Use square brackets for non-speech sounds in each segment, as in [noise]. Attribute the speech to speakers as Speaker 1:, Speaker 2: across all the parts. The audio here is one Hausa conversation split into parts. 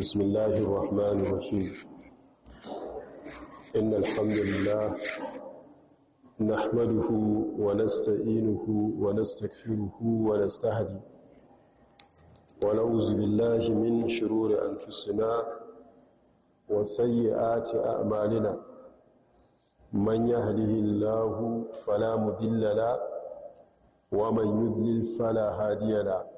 Speaker 1: بسم الله الرحمن الرحيم إن الحمد لله نحمده ونستعينه ونستكفره ونستهدي ونعوذ بالله من شرور أنفسنا وسيئات أعمالنا من يهده الله فلا مذل له ومن يذلل فلا هادي له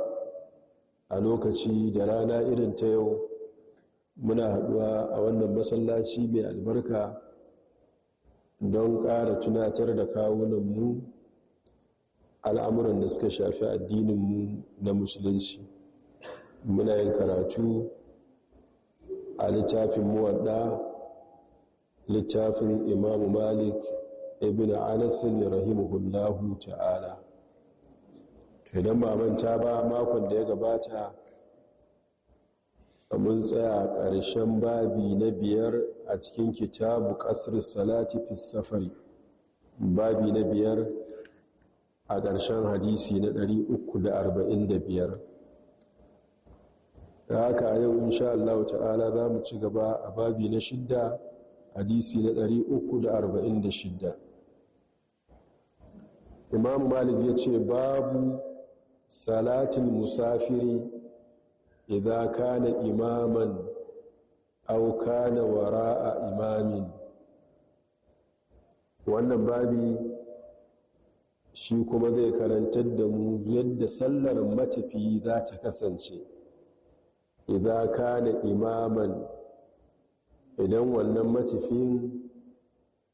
Speaker 1: a lokaci da rana irin ta yau muna haɗuwa a wannan masallaci mai albarka don ƙara tunatar da kawunanmu al'amuran da suka shafi addininmu na musulunci muna yin karatu a littafin muwadda littafin imamu malik ibn anasin rahimahullahu ta'ala idan ba ta ba makon da ya gabata mun tsaya ƙarshen babi na biyar a cikin kitabu ƙasar salati fi safari babi na biyar a ƙarshen hadisi na 345 da haka a yau insha Allah ta'ala za mu ci gaba a babi na shidda hadisi na 346 imam malik ya ce babu salatul musafiri idza kana imaman aw kana wara'a imamin wannan babi shi kuma zai karantar da mu yadda sallar matafiyi za ta kasance idza kana imaman idan wannan matafiyin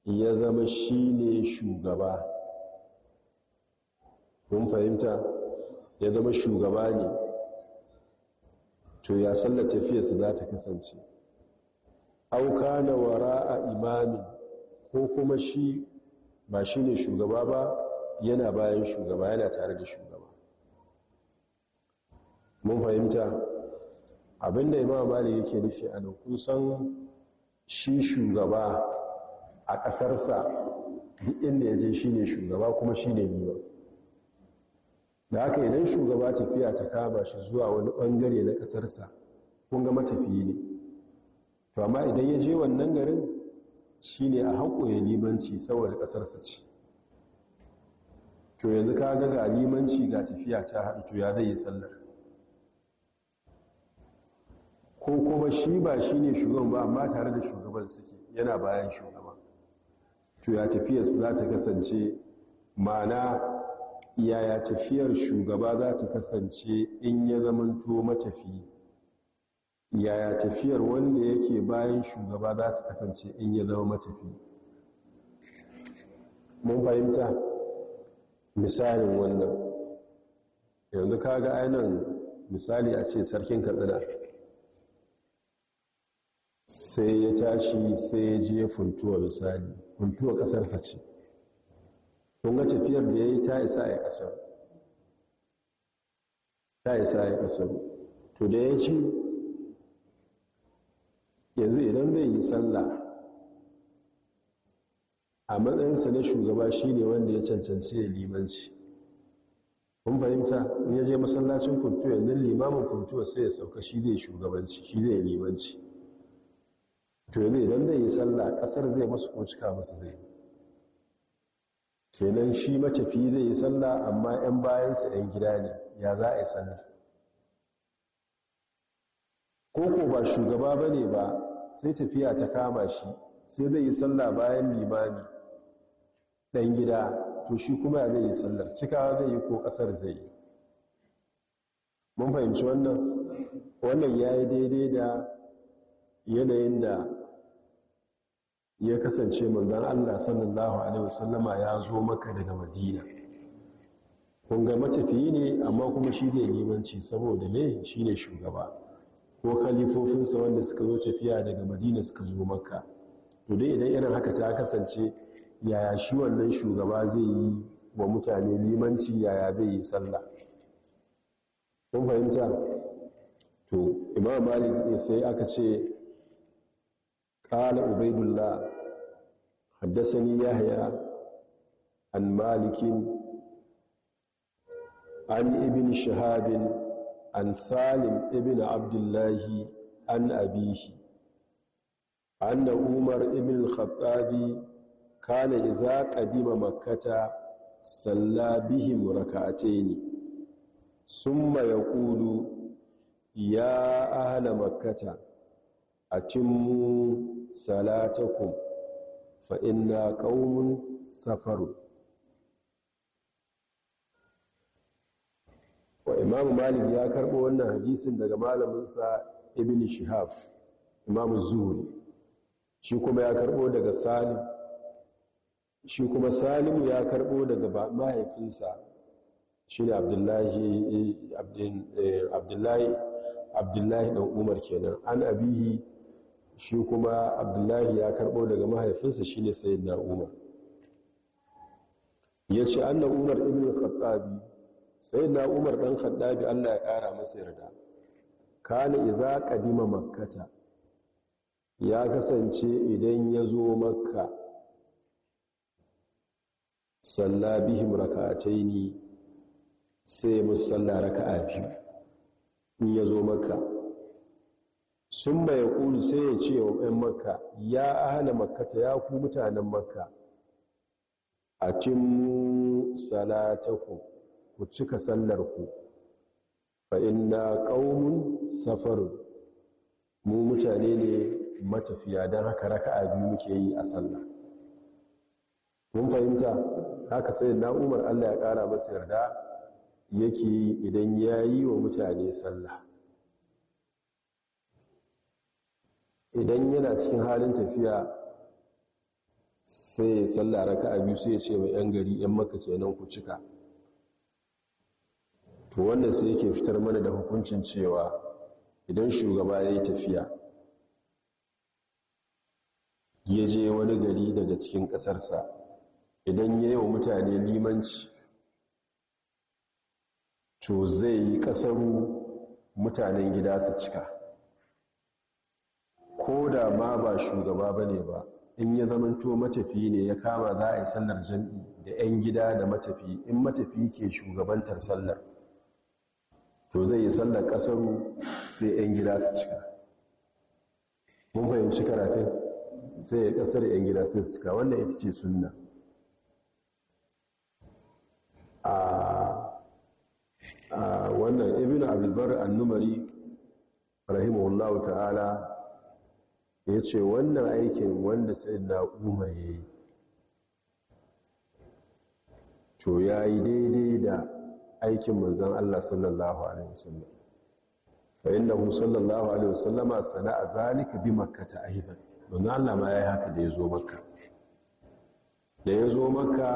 Speaker 1: ya zama shine shugaba mun fahimta ya zama shugaba ne to ya sallar tafiyarsa za ta kasance auka na wara a imamin ko kuma shi ba shi ne shugaba ba yana bayan shugaba yana tare da shugaba mun fahimta abinda imam malik yake nufi a nan kusan shi shugaba a ƙasarsa duk inda ya je shi ne shugaba kuma shi ne liman da haka idan shugaba tafiya ta kama shi zuwa wani bangare na kasarsa kun ga ne to amma idan ya je wannan garin shine a haƙo ya limanci saboda kasarsa ce to yanzu ka ga limanci ga tafiya ta haɗu to ya zai yi sallar ko kuma shi ba shi ne shugaban ba amma tare da shugaban suke yana bayan shugaban to ya tafiya su za ta kasance ma'ana yaya tafiyar shugaba za ta kasance in ya zamanto matafi yaya tafiyar wanda yake bayan shugaba za ta kasance in ya zama matafi mun fahimta misalin wannan yanzu kaga ainihin misali a ce sarkin katsina sai ya tashi sai ya je funtuwa misali funtuwa ƙasarsa ce kun ga tafiyar da ya yi ta isa a ƙasar ta isa a ƙasar to da ya ce yanzu idan zai yi sallah a matsayinsa na shugaba shi ne wanda ya cancanci ya limanci kun fahimta ya je masallacin kuntu yanzu limamin kuntu sai ya sauka shi zai shugabanci shi zai limanci to yanzu idan zai yi sallah ƙasar zai masu ko cika musu zai kenan shi matafi zai yi sallah amma 'yan bayansa 'yan gida ne ya za a yi sallah koko ba shugaba ba ne ba sai tafiya ta kama shi sai zai yi sallah bayan limami ɗan gida to shi kuma zai yi sallar cika zai yi ko ƙasar zai yi mun fahimci wannan wannan ya yi daidai da yanayin da ya kasance manzan Allah sallallahu alaihi wasallama ya zo maka daga madina kunga matafiye ne amma kuma shi zai limanci saboda ne shi ne shugaba ko kalifofinsa wanda suka zo tafiya daga madina suka zo maka to dai idan irin haka ta kasance yaya shi wannan shugaba zai yi wa mutane limanci yaya zai yi sallah kun fahimta to imam malik sai aka ce قال عبيد الله حدثني يحيى عن مالك عن ابن شهاب عن سالم ابن عبد الله عن أبيه أن عمر ابن الخطاب كان إذا قدم مكة صلى بهم ركعتين ثم يقول يا أهل مكة أتموا salatakum fa inna qaumun safar. wa imamu malik ya karbo wannan hadisin daga malaminsa ibn shihab imamu zuhri shi kuma ya karbo daga salim shi kuma salimu ya karbo daga mahaifinsa shi ne abdullahi eh, eh, abdullahi abdullahi ɗan umar kenan an abihi shi kuma abdullahi ya karɓo daga mahaifinsa shi ne sayi na umar ya ce an na umar ibn khattabi sayi na umar ɗan khattabi allah ya kara masa yarda kana iza dima makkata ya kasance idan ya zo makka salla bihim raka'atai ne sai musalla raka'a biyu in ya zo makka sun mai kuli sai ya ce wa ‘yan makka ya hana makkata ya ku mutanen makka a cin salataku ku cika sallarku fa inna ƙaunin safarin mu mutane ne matafiya don haka raka biyu muke yi a sallah mun fahimta haka sai na'umar allah ya ƙara masa yarda yake idan ya yi wa mutane sallah idan yana cikin halin tafiya sai ya salla raka'a biyu sai ya ce mai yan gari yan maka kenan ku cika to wannan sai yake fitar mana da hukuncin cewa idan shugaba ya yi tafiya ya je wani gari daga cikin ƙasarsa idan ya yi wa mutane limanci to zai yi ƙasaru mutanen gida su cika ko da ma ba shugaba ba ne ba in ya zamanto matafi ne ya kama za a yi sallar jam'i da 'yan gida da matafi in matafi ke shugabantar sallar to zai yi sallar ƙasaru sai 'yan gida su cika mun fahimci karatun sai ya ƙasar 'yan gida sai su cika wannan ita ce sunna a wannan ibn abdulbar annumari rahimahullahu ta'ala ya ce wannan aikin wanda sai na umar ya yi to ya yi daidai da aikin manzan Allah sallallahu Alaihi wasallam fa'in da hu sallallahu Alaihi wasallama sana'a zalika bi makka ta aizan manzan Allah ma ya yi haka da ya zo makka da ya zo makka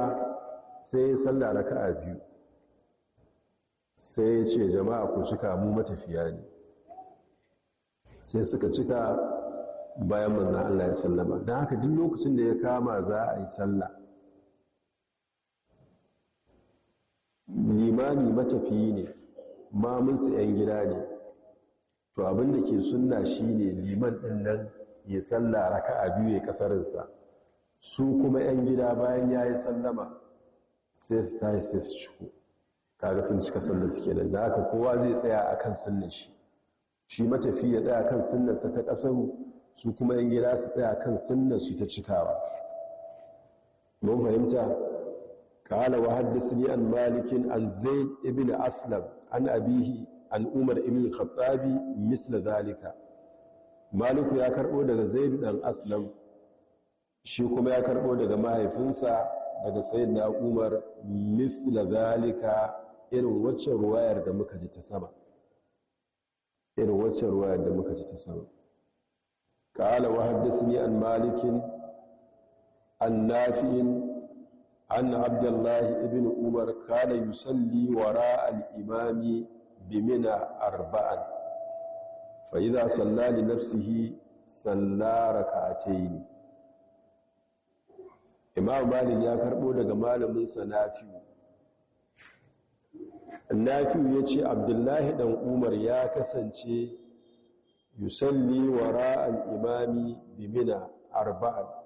Speaker 1: sai ya salla raka a biyu sai ya ce jama'a ku cika mu matafiya ne sai suka cika bayan manzan Allah ya sallama don haka duk lokacin da ya kama za a yi sallah limami matafiyi ne su 'yan gida ne to abinda ke sunna shine liman ɗin nan ya sallah raka a biyu ya ƙasarinsa. su kuma 'yan gida bayan ya yi sallama sai su tashi sai su ciko kaga sun cika sallar suke da haka kowa zai tsaya a kan sunnan shi shi matafi ya tsaya kan sunnarsa ta ƙasaru su kuma yan gida su tsaya kan sunna su ta cikawa mun fahimta kala wa haddathani an malikin an zaid ibn aslam an abihi an umar ibn khattabi misla zalika maliku ya karbo daga zaid dan aslam shi kuma ya karbo daga mahaifinsa daga sayyidina umar misla zalika irin waccan ruwayar da muka ji ta sama irin waccan ruwayar da muka ji ta sama قال وحدثني عن مالك عن نافع أن عبد الله بن عمر كان يصلي وراء الإمام بمنى أربعا فإذا صلى لنفسه صلى ركعتين إمام مالك يا كربو daga malamin sa Nafi'u Nafi'u yace Abdullahi dan Umar ya kasance yusalli wara al'imami bimina arba'a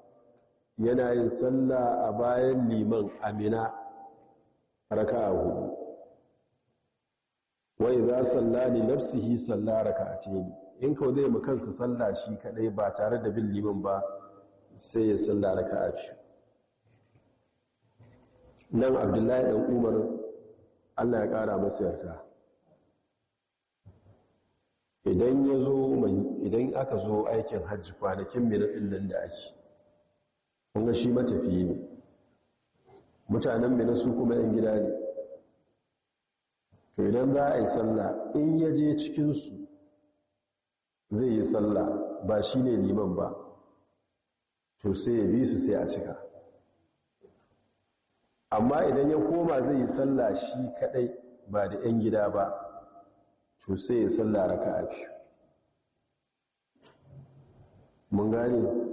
Speaker 1: yana yin salla a bayan liman amina raka a hudu wai za salla ne nafsihi salla raka a teni in kawo zai makansa salla shi kadai ba tare da bin liman ba sai ya salla raka a biyu nan abdullahi ɗan umar allah ya ƙara masu yarda idan ya zo idan aka zo aikin hajji kwanakin mirin nan da ake kunga shi matafiye ne mutanen mina su kuma yan gida ne to idan za a yi sallah in ya je cikinsu zai yi sallah ba shi ne liman ba to sai ya bi su sai a cika amma idan ya koma zai yi sallah shi kadai ba da yan gida ba to sai ya salla raka'a biyu mun gane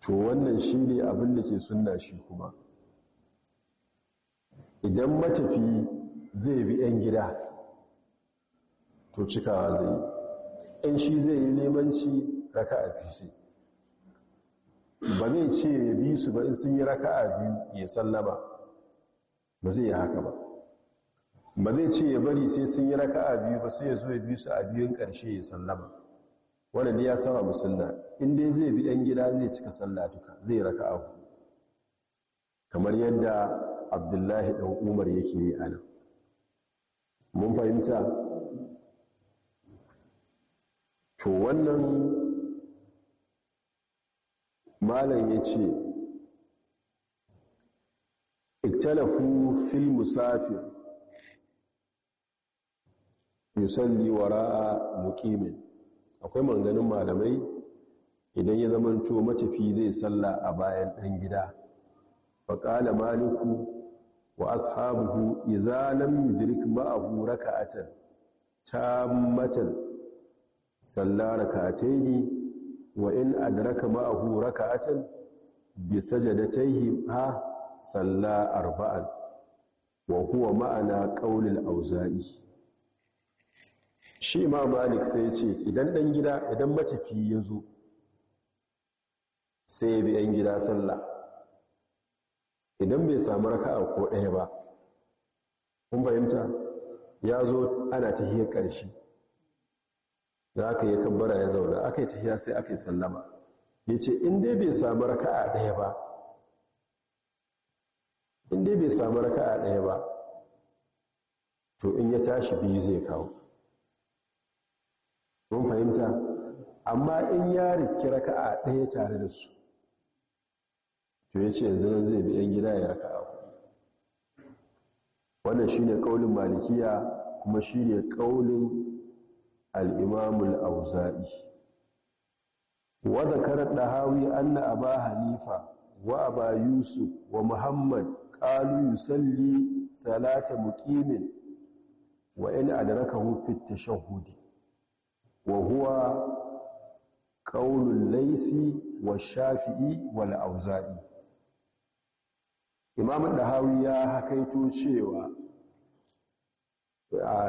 Speaker 1: to wannan shine abin da ke sunna shi kuma idan matafi zai bi 'yan gida to cikawa zai yi shi zai yi nemanci raka a sai ba zai ce ya bi su ba in sun yi raka a biyu ya sallama ba zai yi haka ba
Speaker 2: ba zai ce ya bari sai
Speaker 1: sun yi raka a biyu ba sai ya zo ya bi su a biyun ƙarshe ya sallama wanda da ya saba musulna in dai zai bi yan gida zai cika sallah duka zai raka'a ku kamar yadda abdullahi ɗan umar yake yi a nan mun fahimta to wannan malam ya ce iktalafu fil musafir yusalli wara'a muqimin akwai manganin malamai idan ya zamanto matafi zai salla a bayan dan gida fa qala maliku wa ashabuhu idza lam yudrik ma'ahu raka'atan tammatan salla rak'ataini wa in adraka ma'ahu raka'atan bi sajadatayhi ha salla arba'an wa huwa ma'ana qaulil auza'i shi ma malik sai ce idan ɗan gida idan matafi ya zo sai ya bi ‘yan gida sallah idan bai samu raka'a ko ɗaya ba kun fahimta ya zo ana tahiyar ƙarshe da aka yi kabbara ya zauna aka yi tahiya sai aka yi sallama ya ce in dai bai samu raka'a ɗaya ba in dai bai samu raka'a ɗaya ba to in ya tashi biyu zai kawo kun fahimta amma in ya riski a ɗaya tare da su to ya ce yanzu zai bi 'yan gida ya raka'a wannan shi ne ƙaunin malikiya kuma shi ne ƙaunin al'imamul auza'i wadda karar hawi anna aba hanifa wa aba yusuf wa muhammad ƙalu yusalli salata muƙimin wa in adaraka hufin tashahudi wa huwa qaulul laisi wa shafi'i wal auza'i imam dahawi ya hakaito cewa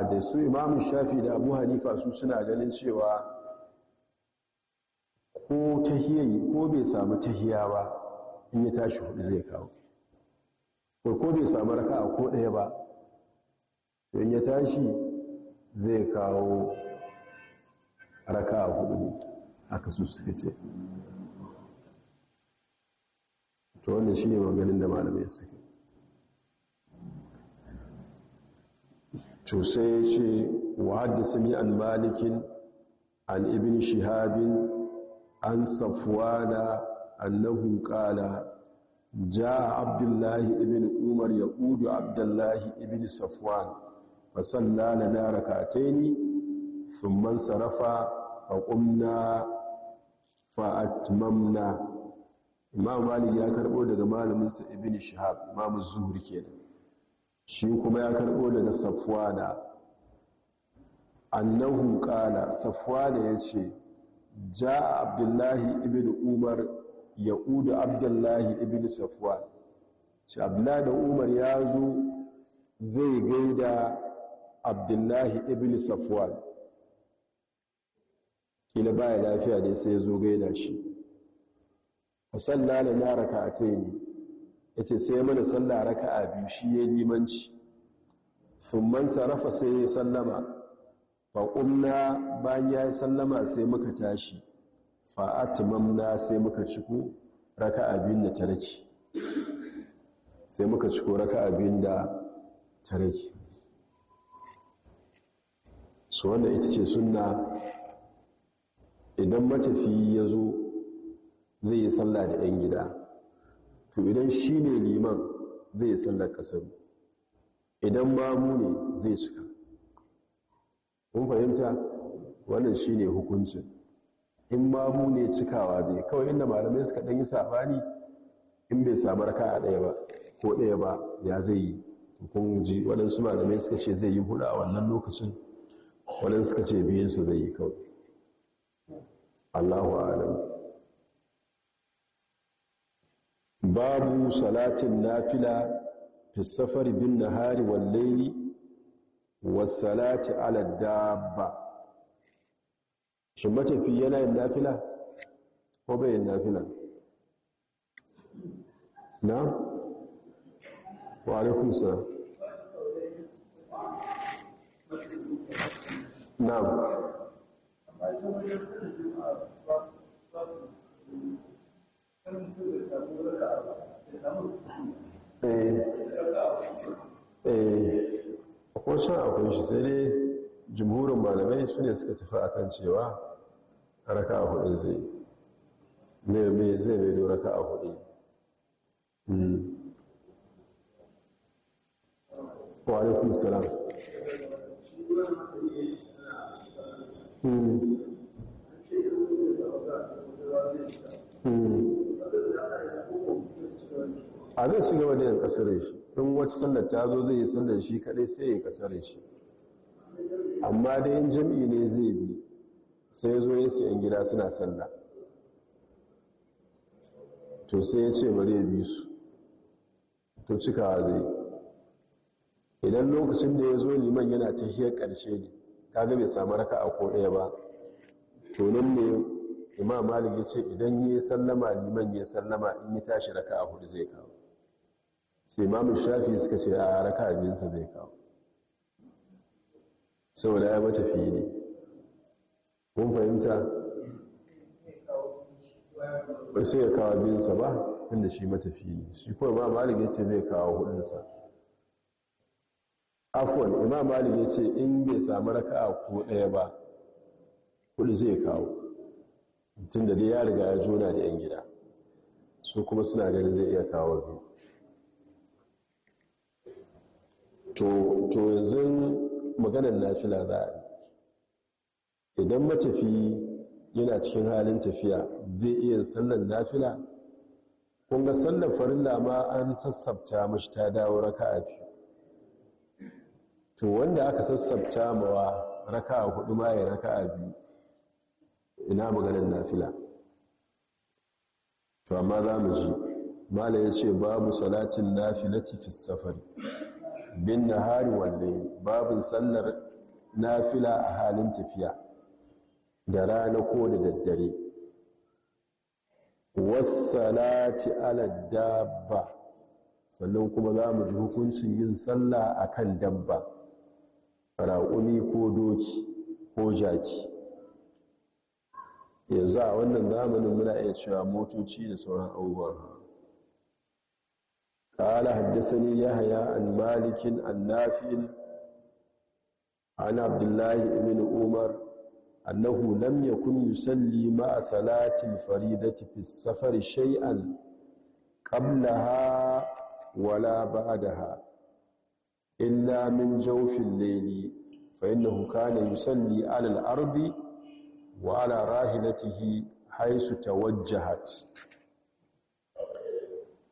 Speaker 1: da su imam shafi da abu hanifa su suna ganin cewa ko tahiyayi ko bai samu tahiya ba in ya tashi hudu zai kawo ko bai samu raka a ko ɗaya ba in ya tashi zai kawo raka a hudu ne aka su suka ce to wannan shine maganin da malamai suke to ya ce wa'addasani an malikin an ibin shihabin an safwana annahu qala jaa abdullahi ibn umar ya'udu abdullahi ibn safwan na sallana rak'ataini thumma sarafa faƙumna fa'atmamna imam malik ya karɓo daga malaminsa ibn shahab imam zuhur kenan shi kuma ya karɓo daga safwana annahu ƙala safwana ya ce ja abdullahi ibn umar ya udu abdullahi ibn safwana shi abdullahi da umar ya zo zai gaida abdullahi ibn safwana kila baya lafiya dai sai ya zo gaida shi musalla da na yi ne ya ce sai mana sallah raka'a biyu shi ya limanci summan sarrafa sai ya sallama fa umna bayan ya yi sallama sai muka tashi fa'atimamna sai muka ciko raka'a biyun da sai muka ciko raka'a biyun da ta su wannan ita ce sunna idan matafi ya zo zai yi sallah da 'yan gida to idan shi ne liman zai yi sallar kasar idan mamu ne zai cika kun fahimta wannan shi ne hukuncin in mamu ne cikawa zai kawai inda malamai suka ɗan yi sabani in bai samar ka a ɗaya ba ko ɗaya ba ya zai yi kun ji waɗansu malamai suka ce zai yi huɗu a wannan lokacin waɗansu suka ce biyunsu zai yi kawai Allahu alam babu salatin nafila fi binne bin nahari wal layli was salati ala dabba shi matafi yana yin nafila ko bai yin nafila na wa alaikum salam na'am Eh, eh, akwai shan akwai shi sai dai jimhurin malamai su ne suka tafi akan cewa raka a hudu zai ne mai zai mai raka a hudu hmm. wa alaikun salam Hmm. Hmm. a zai shiga wani yin kasarar shi in wacce sallar ta zo zai yi sallar shi kadai sai ya kasarar shi amma da yin jam'i ne zai bi sai zo ya sai yan gida suna sallah to sai ya ce bari ya bi su to cikawa zai idan lokacin da ya zo liman yana ta hiyar ƙarshe ne kaga bai samu a ko ɗaya ba to nan ne imam malik ya ce idan yi sallama liman yi sallama in ya tashi raka a hudu zai kawo sai imam shafi suka ce a raka a biyunsa zai kawo saboda ya fiye ne kun fahimta ba sai ya kawo biyunsa ba inda shi ne shi kuma imam malik ya ce zai kawo hudunsa afwan imam malik ya ce in bai samu raka'a ko ɗaya ba kuɗi zai kawo tun dai ya riga ya jona da yan gida su kuma suna ganin zai iya kawo biyu to yanzu maganar nafila za a yi idan matafi yana cikin halin tafiya zai iya sallan nafila kunga ga sallan farilla ma an sassabta mashi ta dawo raka'a biyu to wanda aka sassabta mawa raka a hudu ma ya raka biyu ina maganin nafila to amma za mu ji mala ya ce babu salatin nafilati fi safari bin na hari wanne babin sallar nafila a halin tafiya da rana ko da daddare wasalati ala dabba sannan kuma za mu ji hukuncin yin sallah a kan dabba raƙumi ko doki ko jaki yanzu a wannan zamanin muna iya cewa motoci da sauran abubuwan ƙala ne ya haya an malikin an nafin an abdullahi ibn umar annahu lam yakun yusalli a salatin faridati fi safari shay'an qablaha wala ba'daha illa min jawfin layli fa innahu kana yusalli ala al-ardi wa ala rahilatihi haisu tawajjahat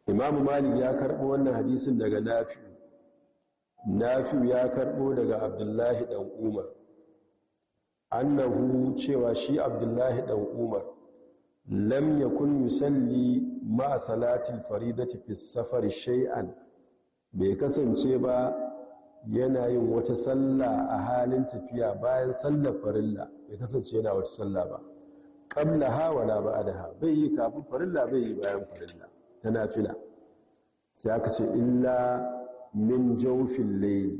Speaker 1: Imam Malik ya karɓo wannan hadisin daga Nafi'u. Nafi'u ya karɓo daga Abdullahi Ɗan'umar. An nahu cewa shi Abdullahi dan Umar lam yakun yusalli ma salatil faridati fi safar shay'an bai kasance ba yana yin wata sallah a halin tafiya bayan sallar farilla bai kasance yana wata sallah ba kamla hawala ba a daha bai yi kafin farilla bai yi bayan farilla ta fila. sai aka ce illa min jaufin laili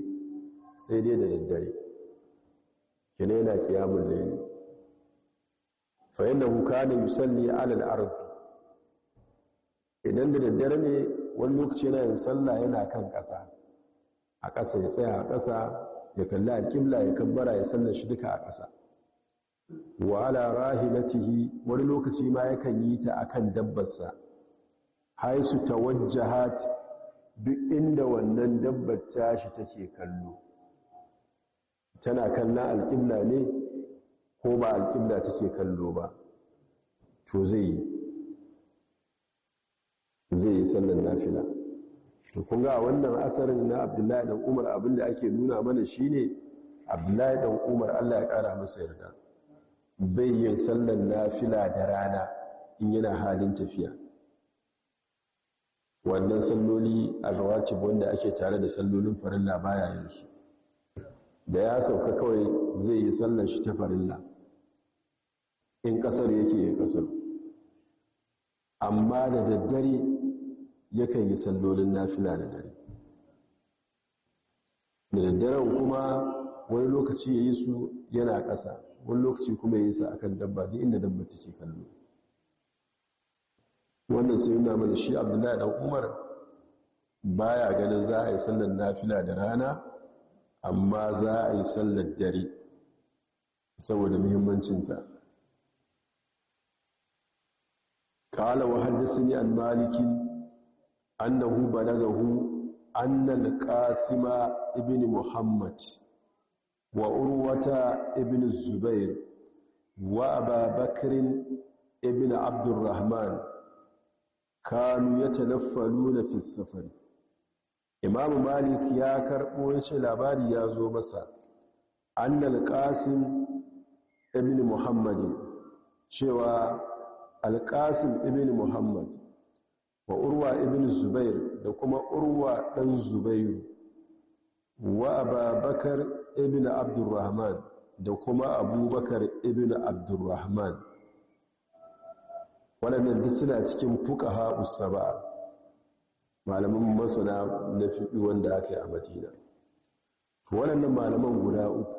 Speaker 1: sai dai da daddare kene yana kiyamun laili fa da huka ne musalli alal ardu idan da daddare ne wani lokaci yana yin sallah yana kan ƙasa a ƙasa ya tsaya a ƙasa ya kalli alƙibla ya kabbara ya sallar shi duka a ƙasa wa ala rahilatihi wani lokaci ma yakan yi ta akan dabbarsa haisu tawajjahat duk inda wannan dabbar tashi take kallo tana kallon alƙibla ne ko ba alƙibla take kallo ba to zai yi zai yi sallar nafila to kun wannan asarin na abdullahi dan umar abinda ake nuna mana shi ne, abdullahi dan umar Allah ya kara masa yarda bai yin sallan fila da rana in yana halin tafiya wannan salloli a rawatib wanda ake tare da sallolin farilla baya yin su da ya sauka kawai zai yi sallar shi ta farilla in kasar yake ya kasar amma da daddare yakan yi sallolin nafila da dare da daddaren kuma wani lokaci ya yi su yana ƙasa wani lokaci kuma ya yi su akan dabba da inda dabba take kallo wannan sai yana mana shi abdullahi dan umar baya ganin za a yi sallar nafila da rana amma za a yi sallar dare saboda muhimmancinta قال وحدثني عن مالك annahu balagahu annal qasima ibn muhammad wa urwata ibn zubair wa ababakr ibn abdurrahman kanu yatanaffaluna fi safar imamu malik ya karbo yace labari ya zo masa annal qasim ibn muhammadin cewa alƙasim ibn muhammad wa urwa ibn zubair da kuma urwa ɗan zubairu wa ababakar ibn abdurrahman da kuma abubakar ibn abdurrahman waɗannan duk suna cikin fukaha usaba malaman masana na fiɗi wanda aka yi a madina waɗannan malaman guda uku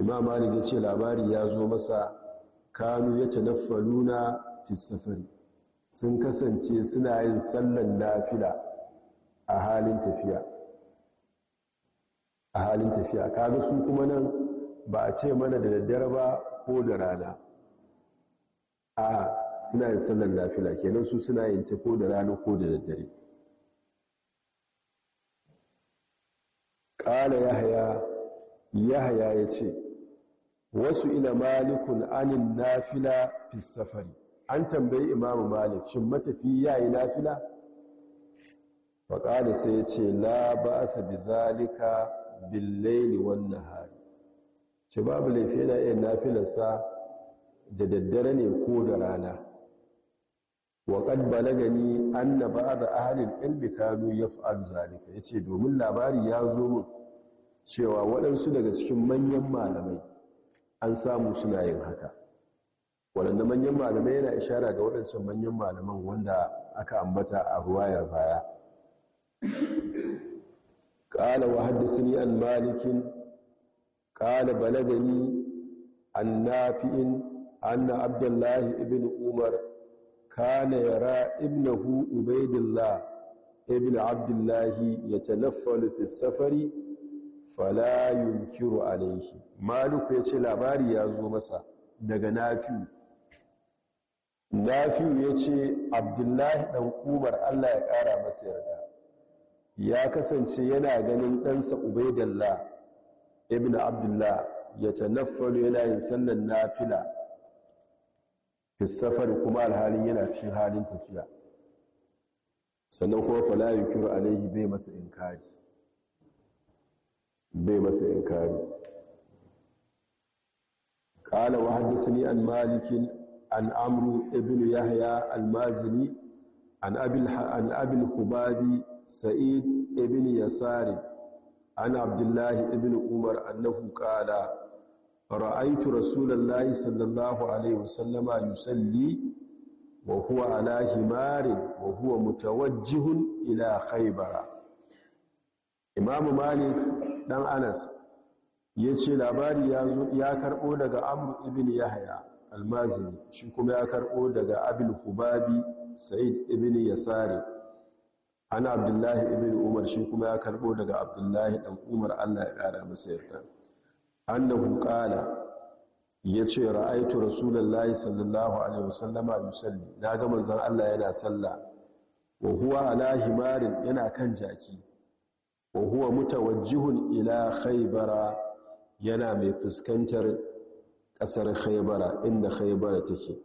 Speaker 1: imam malik ya ce labari ya zo masa kanu ya tanaffalu na fi safari sun kasance suna yin sallan nafila a halin tafiya a halin tafiya kaga su kuma nan ba a ce mana da daddare ba ko da rana a suna yin sallan nafila kenan su suna yin ta ko da rana ko da daddare ƙala yahaya yahaya ya ce wasu ila malikun anin nafila fi safari an tambayi imamu malik shin matafi ya yi nafila faƙali sai ya ce la ba bi zalika billaili wannan hari ce babu laifi yana iya nafilarsa da daddare ne ko da rana waƙad balagani anna ba'da ahlil ilmi kanu yaf'al zalika yace domin labari ya zo mun cewa waɗansu daga cikin manyan malamai an samu suna yin haka waɗanda manyan malamai yana ishara ga waɗancan manyan malaman wanda aka ambata a ruwayar baya ƙala wa haddasini an malikin ƙala balagani an nafi'in anna abdullahi ibn umar kana yara ibnahu ubaidillah ibn abdullahi ya tanaffalu fi safari fala yunkiru alaihi maliku ya ce labari ya zo masa daga nafi'u nafi'u ya ce abdullahi ɗan umar allah ya ƙara masa yarda ya kasance yana ganin ɗansa ubaidallah ibn abdullah ya tanaffalu yana yin sannan nafila fi safar kuma alhalin yana cikin halin tafiya sannan kuma fala yukiru alaihi bai masa inkari bai masa wa haddasa ni an malikin an amru ibn yahya Almazini, an abil an sa'id ibn yasari an abdullah ibn umar annahu qala ra'aytu rasulallahi sallallahu alaihi wasallama yusalli wa huwa ala himarin wa huwa mutawajjihun ila khaybara imamu malik ɗan anas ya ce labari ya karɓo daga amru ibn yahya almazini shi kuma ya karɓo daga abin hubabi sa'id ibn yasari ana abdullahi ibn umar shi kuma ya karɓo daga abdullahi ɗan umar allah ya kara masa yarda annahu Hukala, ya ce ra'aitu rasulullahi sallallahu alaihi wasallama yusalli na ga manzon Allah yana sallah wa huwa ala himarin yana kan jaki wa huwa mutawajjihun ila khaybara yana mai fuskantar ƙasar khaibara inda khaibara take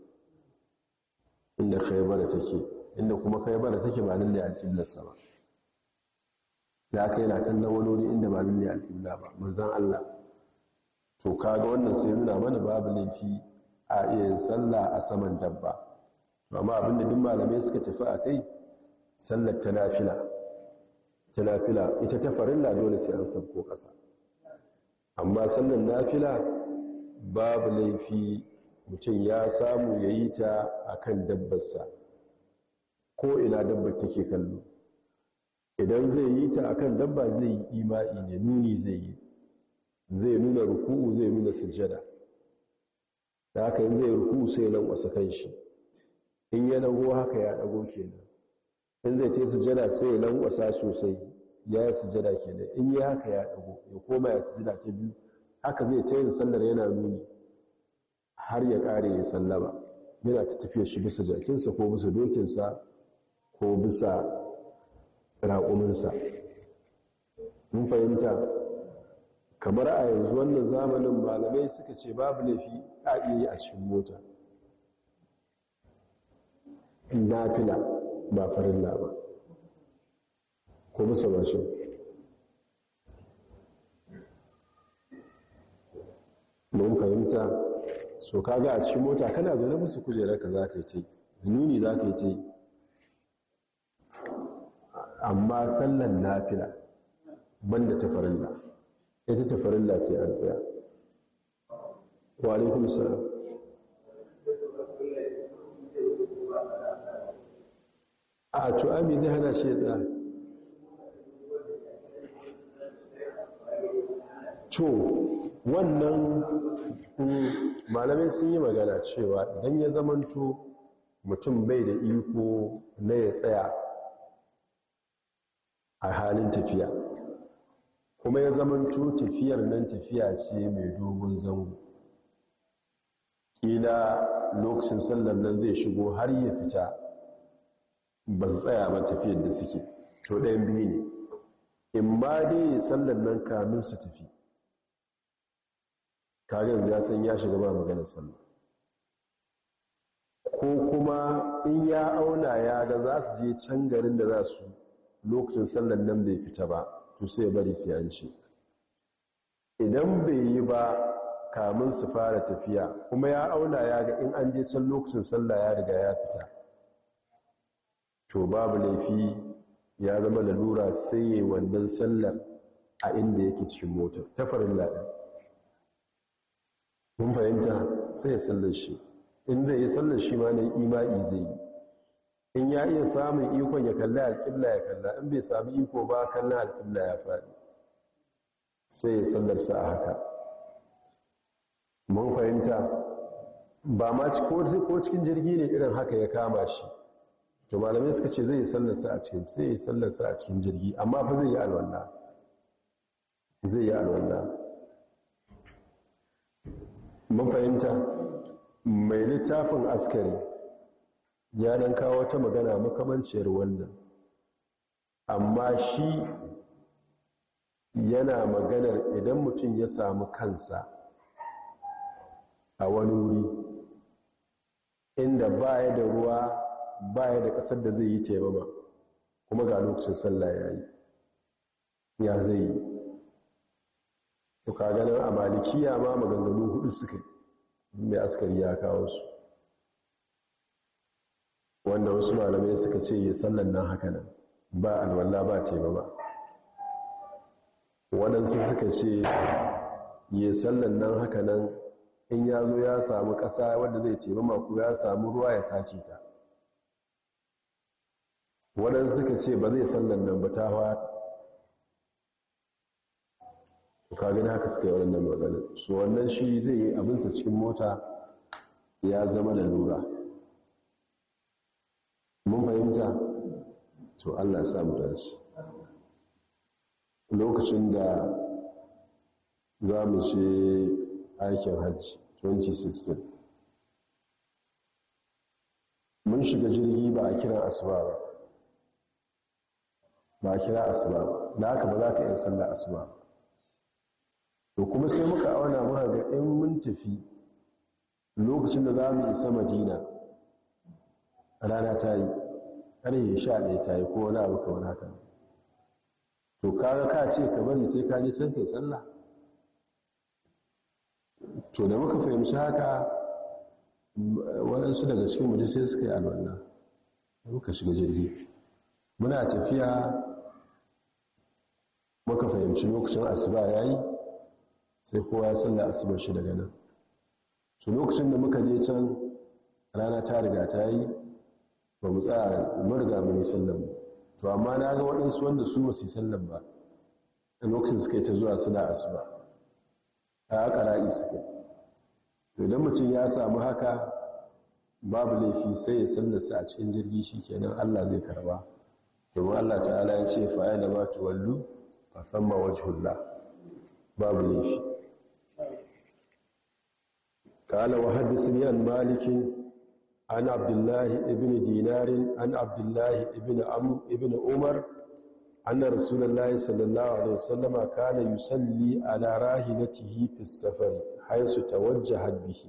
Speaker 1: inda khaibara take inda kuma khaibara take ba nan ne alƙiblarsa ba da aka yana kallon wani wuri inda ba nan ne alƙibla ba manzan Allah to kaga wannan sai nuna mana babu laifi a iya yin sallah a saman dabba amma abinda duk malamai suka tafi a kai sallar ta nafila ta nafila ita ta farilla dole sai an sabko ƙasa amma sallar nafila babu laifi mutum ya samu ya yi ta a kan dabbarsa ko ina dabbar take kallo idan zai yi ta a kan dabba zai yi ima'i ne nuni zai yi zai nuna ruku'u zai nuna sujada. da haka yin zai ruku'u sai lankwasa kan shi in ya dago haka ya dago kenan in zai ce sujada sai ya lankwasa sosai ya yi sujada kenan in ya haka ya dago ya koma ya sujjada ta biyu haka zai ta yin sallar yana nuni har ya ƙare ya sallaba, yana ta tafiya shi bisa jakinsa ko bisa dokinsa ko bisa raƙuminsa mun fahimta kamar a yanzu wannan zamanin malamai suka ce babu laifi a iya yi a cikin mota nafila ba farin laba ko bisa bashi. mun fahimta so kaga a cikin mota kana zaune musu kujera ka za ka yi ta yi nuni za ka yi ta yi amma sallan nafila banda tafarilla ita tafarilla sai an tsaya wa alaikum salam a tu'ami zai hana shi ya tsaya to wannan mm, malamai sun yi magana cewa idan ya zamanto mutum bai da iko na ya tsaya a halin tafiya kuma ya zamanto tafiyar nan tafiya ce mai dogon zango ƙila lokacin sallar nan zai shigo har ya fita ba su tsaya ba tafiyar da suke to ɗayan biyu ne in ba dai sallar nan kamin su tafi kagan ya san ya shiga ba maganar sallah ko kuma in ya auna ya ga za su je can garin da za su lokacin sallar nan bai fita ba to sai ya bari sai an ce idan bai yi ba kamun su fara tafiya kuma ya auna ya ga in an je can lokacin sallah ya riga ya fita to babu laifi ya zama lalura sai yi wannan sallar a inda yake cikin motar ta farin ladan mun fahimta sai ya sallar shi in zai yi sallar shi ma ne ima'i zai yi in ya iya samun ikon ya kalli alƙibla ya kalla in bai sami iko ba kalli alƙibla ya faɗi sai ya sallarsa a haka mun fahimta ba ma ko cikin jirgi ne irin haka ya kama shi to malamai suka ce zai yi sallarsa a cikin sai ya sallar sa a cikin jirgi amma fa zai yi alwallah zai yi alwallah mafahimta mai littafin askari ya dan kawo ta magana makamanciyar wannan amma shi yana maganar idan mutum ya samu kansa a wani wuri inda baya da ruwa baya da ƙasar da zai yi taimama kuma ga lokacin sallah ya yi ya zai yi to ka ganin a malikiya ma maganganu hudu suka yi mai askari ya kawo su wanda wasu malamai suka ce ya sallan nan haka nan ba alwallah ba teba ba waɗansu suka ce ya sallan nan haka nan in ya zo ya samu ƙasa wadda zai teba mako ya samu ruwa ya sake ta waɗansu suka ce ba zai sallan nan ba ta ka gani haka suka yi wannan maganin. Su wannan shi zai yi abinsa cikin mota ya zama da lura mun fahimta to allah sa mu dace lokacin da za mu ce aikin hajji 2016 mun shiga jirgi ba a kira asuba ba ba a kira asuba ba da haka ba za ka iya sallar asuba ba to kuma sai muka auna muka ga in mun tafi lokacin da za mu isa madina rana ta yi ƙarfe sha ɗaya ta yi ko wani abu kamar haka to kaga ka ce ka bari sai ka je can kai sallah to da muka fahimci haka waɗansu daga cikin mutum sai suka yi alwala muka shiga jirgi muna tafiya muka fahimci lokacin asuba ya yi sai kowa ya salla asubar shi daga nan su lokacin da muka je can rana ta riga ta yi ba mu tsaya mariga mai yi sallan mu to amma na ga waɗansu wanda su ba sallar sallan ba a lokacin suka yi ta zuwa suna asuba a haka ra'i suka to idan mutum ya samu haka babu laifi sai ya sallar sallasa a cikin jirgi shi kenan allah zai karba domin allah ta'ala ya ce da ma tuwallu fa samma wajhullah babu laifi قال وحدثني عن مالك عن عبد الله ابن دينار عن عبد الله ابن عمرو ابن عمر أن رسول الله صلى الله عليه وسلم كان يصلي على راهلته في السفر حيث توجهت به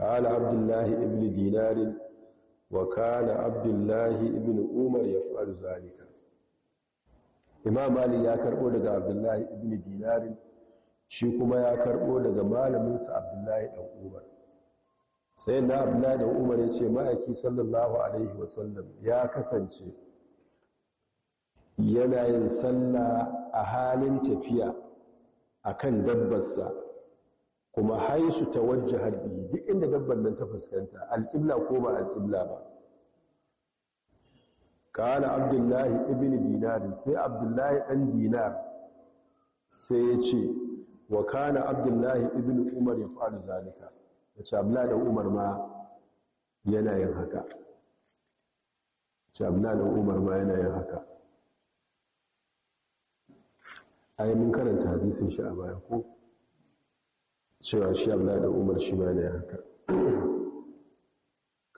Speaker 1: قال عبد الله ابن دينار وكان عبد الله ابن عمر يفعل ذلك imam ali ya karbo daga abdullahi ibn dinarin shi kuma ya karɓo daga malaminsa abdullahi ɗan umar sai na abdullahi ɗan umar ya ce ma'aiki sallallahu alaihi wasallam ya kasance yana yin sallah a halin tafiya a kan dabbarsa kuma haisu ta wajen harbi duk inda dabbar nan ta fuskanta alƙibla ko ba alƙibla ba kana abdullahi ibn dinarin sai abdullahi ɗan dinar sai ya ce wa kana abdullahi ibn umar ya fa'alu zalika ya ce abu da umar ma yana yin haka ce ai mun karanta hadisin shi a baya ko cewa shi na da umar shi ma yana yin haka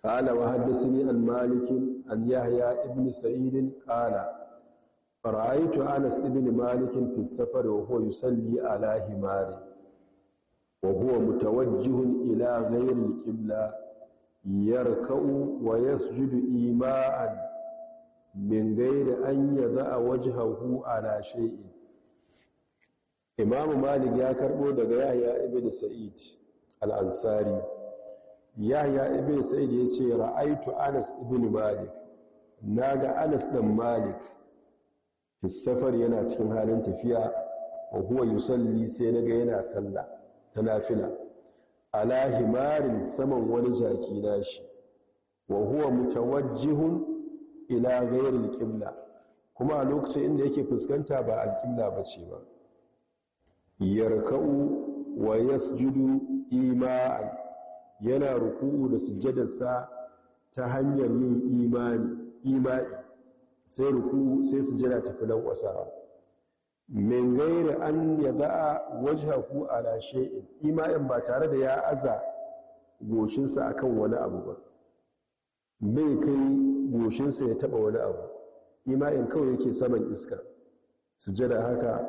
Speaker 1: قال وحدثني عن مالك عن يحيى ابن سعيد قال Ra'aitu, anas Ibin malik fi safar wa huwa yusalli ala himari wa huwa mutawajjihun ila ghayri al ima'an min ghayri an yada'a wajhahu ala Imam'u malik ya karɓo daga yahya ibn sa'id al-ansari yahya ibn ya ce 'Ra'aitu, anas ibn malik naga anas dan malik safar yana cikin halin tafiya wa huwa yusalli sai naga yana sallah ta nafila ala himarin saman wani jaki nashi wa huwa mutawajjihun ila ghayril qibla kuma a lokacin inda yake fuskanta ba alqibla bace ba yarka'u wa yasjudu ima'an yana ruku'u da sujjadarsa ta hanyar yin imani ima'i sai ruku sai su jira tafi lankwasawa min gairi an ya za'a wajhahu ala shay'in ima'in ba tare da ya aza goshinsa akan wani abu ba bai kai goshinsa ya taɓa wani abu ima'in kawai yake saman iska sujada haka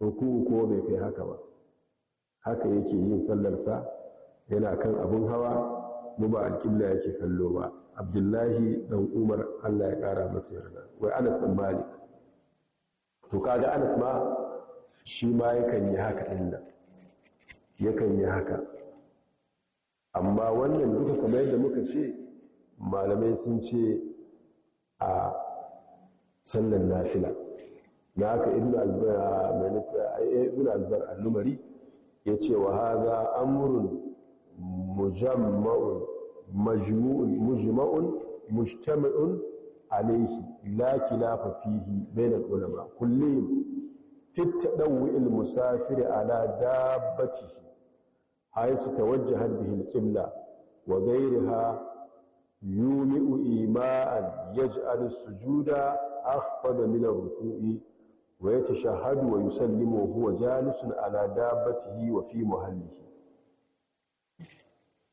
Speaker 1: ruku ko bai kai haka ba haka yake yin sallarsa yana kan abin hawa mu ba alƙibla yake kallo ba abdullahi ɗan umar Allah ya kara masa yarda wai Anas bin Malik to kaga Anas ma shi ma yakan yi haka inda yakan yi haka amma wannan duka kamar yadda muka ce malamai sun ce a sannan nafila na haka ibnu eh, albar al-numari ya ce wa haza amrun mujamma'un majmu'un mujtama'un alaihi la khilafa fihi bainal ulama kullum fi tadawwi al musafir ala dabbatihi haythu tawajjaha bihi al qibla wa ghayriha yumi'u ima'an yaj'al as sujuda akhfada min ar ruku'i wa yatashahhadu wa yusallimu huwa jalisun ala dabbatihi wa fi muhallihi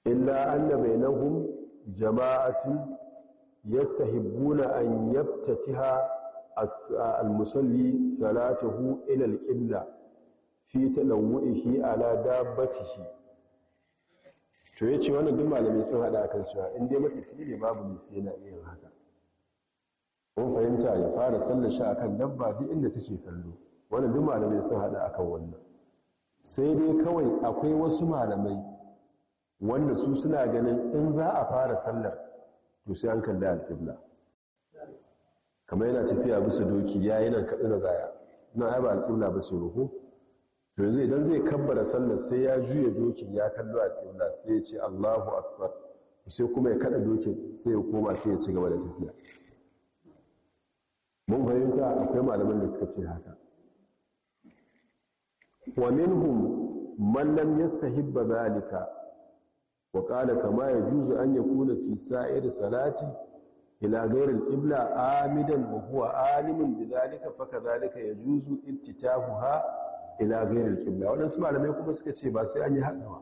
Speaker 1: illa anna bainahum jama'atun yastahibbuna an yaftatiha al-musalli salatahu ila al-qibla fi talawwihi ala dabbatihi to yace wannan duk malami sun hada akan cewa in dai fili ne babu ne sai na iya haka kun fahimta ya fara sallar shi akan dabba duk inda take kallo wannan duk malami sun hada akan wannan sai dai kawai akwai wasu malamai wanda su suna ganin in za a fara sallar to sai an kalli alƙibla kamar yana tafiya bisa doki ya yi nan kaɗi na zaya na ba alƙibla ba ce ruhu to yanzu idan zai kabbara sallar sai ya juya dokin ya kallo alƙibla sai ya ce allahu akbar sai kuma ya kaɗa dokin sai ya koma sai ya ci gaba da tafiya mun fahimta akwai malaman da suka ce haka wa minhum man lam yastahibba zalika wa qala kama juzu an kuna fi sa'ir salati ila ghayr al-qibla amidan wa huwa alimun bidhalika fa kadhalika yajuzu ittitahuha ila ghayr al-qibla wannan su malamai kuma suka ce ba sai an yi haka ba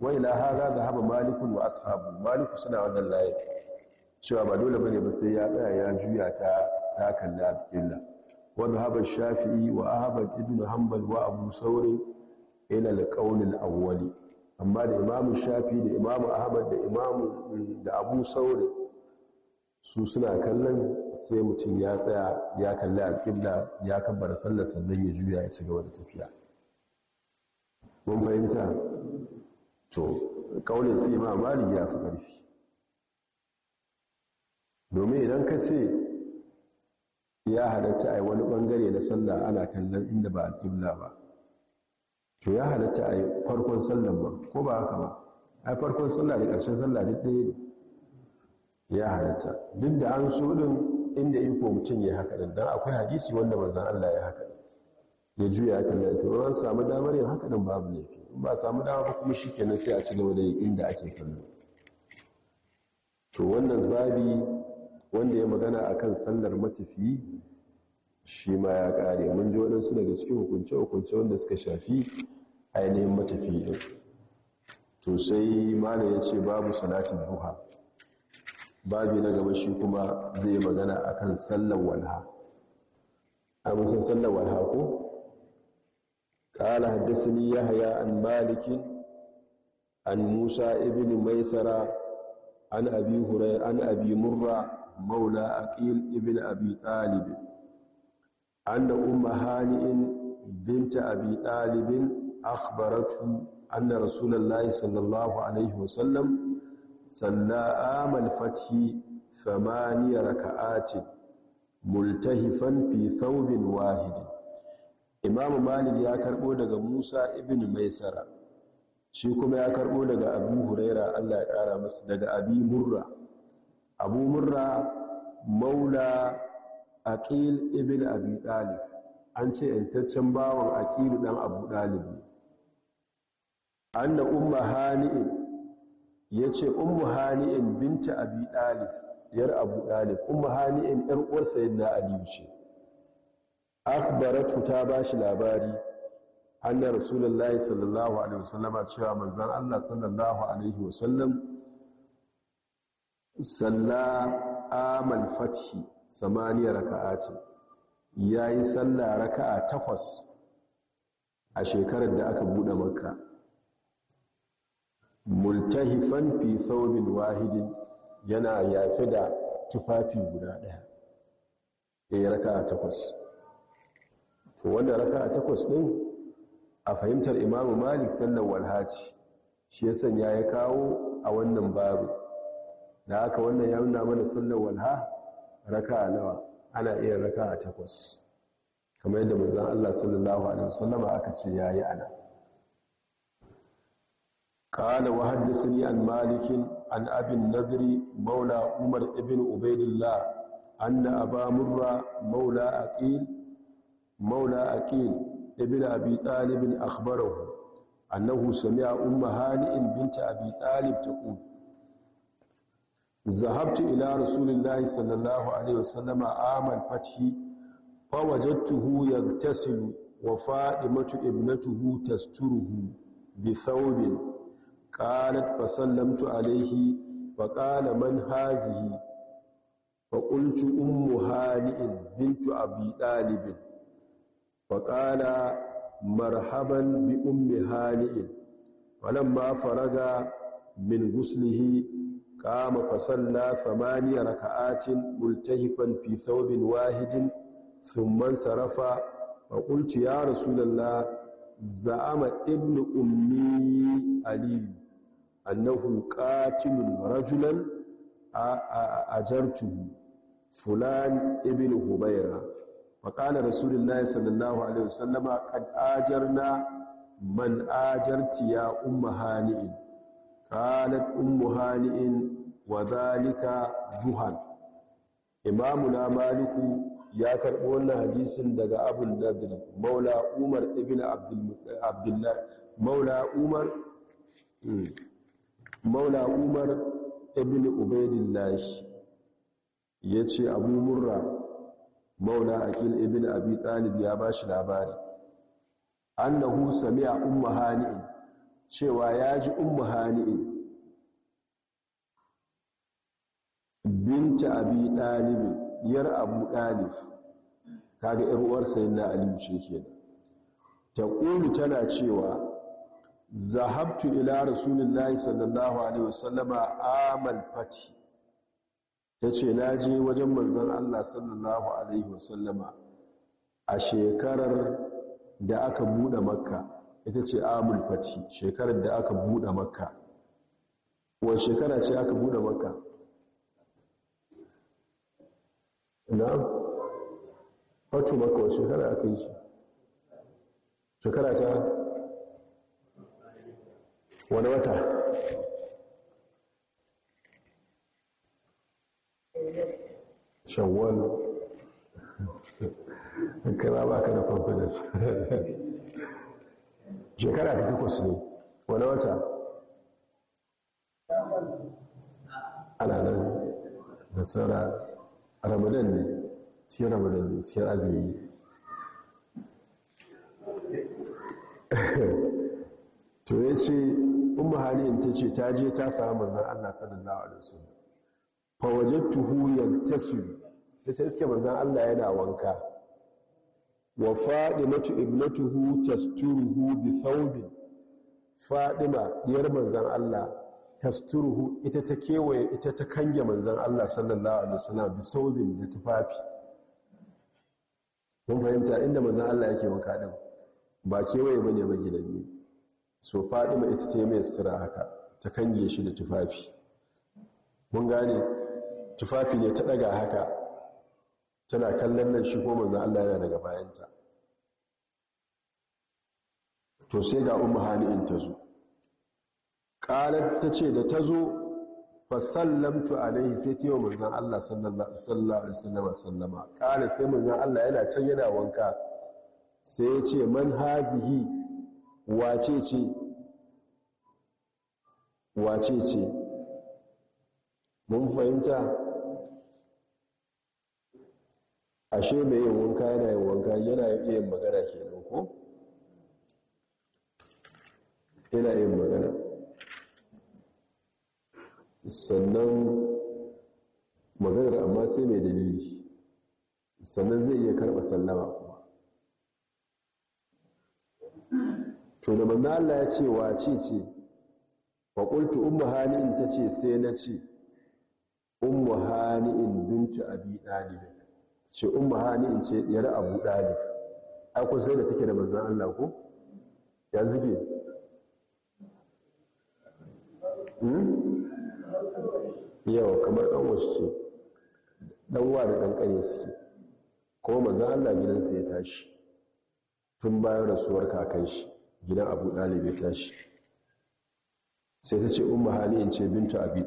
Speaker 1: wa ila hadha dhahaba wa ashabu maliku suna wannan layi cewa ba dole bane ba sai ya tsaya ya juya ta ta kalla billa wa dhahaba shafi'i wa ahmad ibn hanbal wa abu saurin ilal ƙaunin qawl amma da imamu shafi da imamu ahmad da imamu mm, da abu saurin su suna kallon sai mutum ya tsaya ya kalli alƙibla ya kabbar sallar sannan ya juya ya ci gaba da tafiya mun fahimta to kaulin su imam malik ya fi ƙarfi domin idan ka ce ya halatta a wani ɓangare na sallah ana kallon inda ba alƙibla ba to ya halatta a yi farkon sallan ba ko ba haka ba a farkon sallah da ƙarshen sallah duk ɗaya ne ya halatta duk da an so ɗin inda ifo mutum ya haka ɗin don akwai hadisi wanda manzan Allah ya haka ya juya haka da to ran samu damar yin haka ɗin babu laifi in ba samu dama ba kuma shi kenan sai a ci gaba da yi inda ake kallo to wannan babi wanda ya magana akan sallar matafiyi shi ma ya ƙare mun ji waɗansu daga cikin hukunce-hukunce wanda suka shafi ainihin matafi ɗin to sai mara ya ce babu salatin duha babi na gaba shi kuma zai magana a kan sallar walha abincin sallar walha ko? ƙala haddasini ya haya an maliki an musa ibn maisara an abi hurai an abi murra maula aqil ibn abi an da umma hani'in binta abi ɗalibin? akhbaratu anna rasulullahi sallallahu alaihi wasallam salla amal fathi thamaniya raka'atin multahifan fi thawbin wahidin imam malik ya karbo daga musa Ibin, maisara shi kuma ya karbo daga abu huraira allah ya kara masa daga abi murra abu murra maula aqil Ibin, abi dalib an ce yantaccen bawan aqil dan abu dalib anna umma hani'in yace ummu hani'in binta abi dalib yar abu dalib Umma hani'in yar uwarsa yadda Aliyu ce akhbaratu ta bashi labari anna rasulullahi sallallahu alaihi wasallama cewa manzon Allah sallallahu alaihi wasallam salla amal fathi samaniya raka'ati yayi sallah raka'a takwas a shekarar da aka buɗe makka multahifan fi thawbin wahidin yana yafi da tufafi guda ɗaya. yi eh, raka a takwas to wanda raka a takwas ɗin a fahimtar imamu malik sallan walhaci shi ya sanya ya kawo a wannan babu da aka wannan ya nuna mana sallan walha a nawa ana iya raka a takwas kamar yadda manzon Allah sallallahu alaihi wasallama aka ce ya yi ana قال وحدثني عن مالك عن أبي النذر مولى عمر بن عبيد الله أن أبا مرة مولى أقيل مولى أقيل ابن أبي طالب أخبره أنه سمع أم هانئ بنت أبي طالب تقول ذهبت إلى رسول الله صلى الله عليه وسلم عام الفتح فوجدته يغتسل وفاطمة ابنته تستره بثوب qalat fa sallamtu alayhi wa qala ummu hani'in bintu abi talib marhaban bi ummi hani'in falamma faraga min قام فصلى ثماني ركعات ملتهفا في ثوب واحد ثم انصرف فقلت يا رسول الله زعم ابن أمي علي annahu qatilun rajulan ajartuhu fulan ibn hubaira faqala rasulullahi sallallahu alaihi wasallama qad ajarna man ajarti ya ummu hani'in qalat ummu hani'in wa dhalika duhan imamuna maliku ya karɓi wannan hadisin daga abin nadir maula umar ibn abdullahi maula umar maula umar ibn ubaidillah ya ce abu murra maula aqil ibn abi talib ya ba shi labari annahu sami'a ummu hani'in cewa ya ji ummu hani'in binta abi ɗalibin yar abu ɗalib kaga ‘yar'uwar sayin na aliyu ce ke ta ƙulu tana cewa zahabtu ila rasulillahi sallallahu alaihi wasallama amal fati ta ce na je wajen manzan allah sallallahu alaihi wasallama a shekarar da aka bude makka ita ce amul fati shekarar da aka bude makka wani shekara ce aka bude makka na fatu makka wa shekara aka yi shi shekara ta wani wata shawwal [laughs] kai ba ba ka da confidence [laughs] shekara ta takwas ne wani wata ana nan da tsara ramadan ne cikin ramadan ne cikin azumi ne [laughs] to ya ce umma haliyin ta ce ta je ta samu manzan allah sallallahu alaihi wasallam fa wajadtuhu yagtasil sai ta iske manzan allah yana wanka wa fadimatu ibnatuhu tasturuhu bi thawbi fadima diyar manzan allah tasturuhu ita ta kewaye ita ta kange manzan allah sallallahu alaihi wasallam bi thawbin da tufafi mun fahimta inda manzan allah yake wanka din ba kewaye bane ba gidan so fadima ita ta yi sutura haka ta kange shi da tufafi mun gane tufafi ne ta ɗaga haka tana kallon nan shi ko manzan Allah yana daga bayanta to sai ga ummu in ta zo qalat ta ce da ta zo fa sallamtu alaihi sai ta yi wa manzan Allah sallallahu alaihi sallama qala sai manzan Allah yana can yana wanka sai ya ce man hazihi wace ce wace ce mun fahimta ashe mai yin wanka yana yin wanka yana iya magana ke ko yana yin magana sannan maganar amma sai mai dalili sannan zai iya karɓa sallama to da manna Allah ya ce wace ce wa qultu ummu ta ce, sai na ce ummu hani'in bintu abi ɗalibin ce ummu hani'in ce yara abu dalib ai ko sai da take da manzon Allah ko ya zige hmm? yau kamar ɗan wasu ce dan wa da ɗan kare suke ko manzon Allah gidansa ya tashi tun bayan rasuwar kakan shi gidan abu ɗalib ya tashi sai ta ce umma in ce bintu abu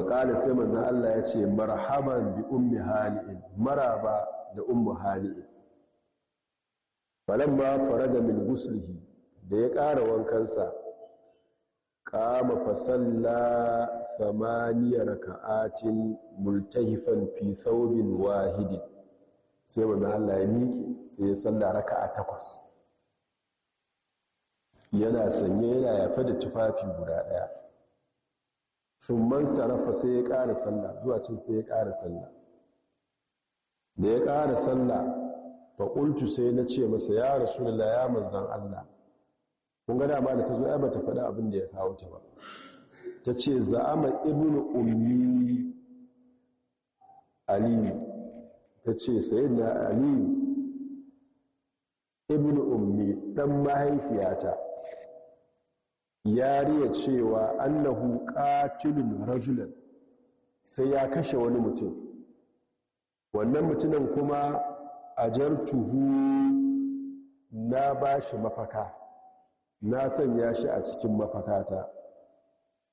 Speaker 1: ɗalib sai manzan allah ya ce marhaban bi ummi mara maraba da ummu haliyin falamma fara min guslihi da ya ƙara wankansa kama fasalla samaniyar ka'atin multahifan fi thawbin wahidin sai manzan allah ya miƙe sai ya salla a takwas yana sanye yana yafe da tufafi guda ɗaya summan sarrafa sai ya ƙara sallah zuwa cin sai ya ƙara sallah da ya ƙara sallah faƙultu sai na ce masa ya rasu da ya manzan allah kun gada dama da ta zo ya bata faɗa abin da ya kawo ta ba ta ce za'ama ibnu ummi aliyu ta ce na aliyu ibnu ummi ɗan mahaifiyata ya riya cewa annahu qatilun rajulan sai ya kashe wani mutum wannan mutumin kuma ajartuhu na bashi mafaka na sanya shi a cikin mafakata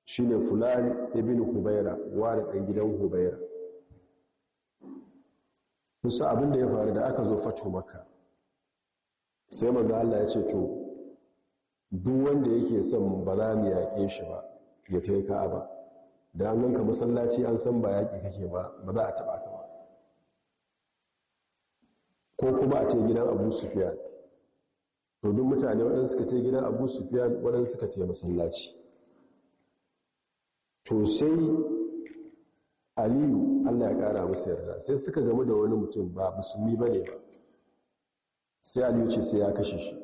Speaker 1: shine fulan ibn hubaira wani ɗan gidan hubaira kusa abinda ya faru da aka zo fatu maka sai manzo Allah ya ce to duk wanda yake son ba za mu yaƙe shi ba ya ta yi ka'aba da an ka masallaci an san ba yaƙi kake ba ba za a taɓa ka ba ko kuma a ce gidan abu sufiyan to duk mutane waɗansu suka ce gidan abu sufiyan waɗanda suka ce masallaci to sai aliyu allah ya ƙara musu yarda sai suka gamu da wani mutum ba musulmi ba ne ba sai aliyu ce sai ya kashe shi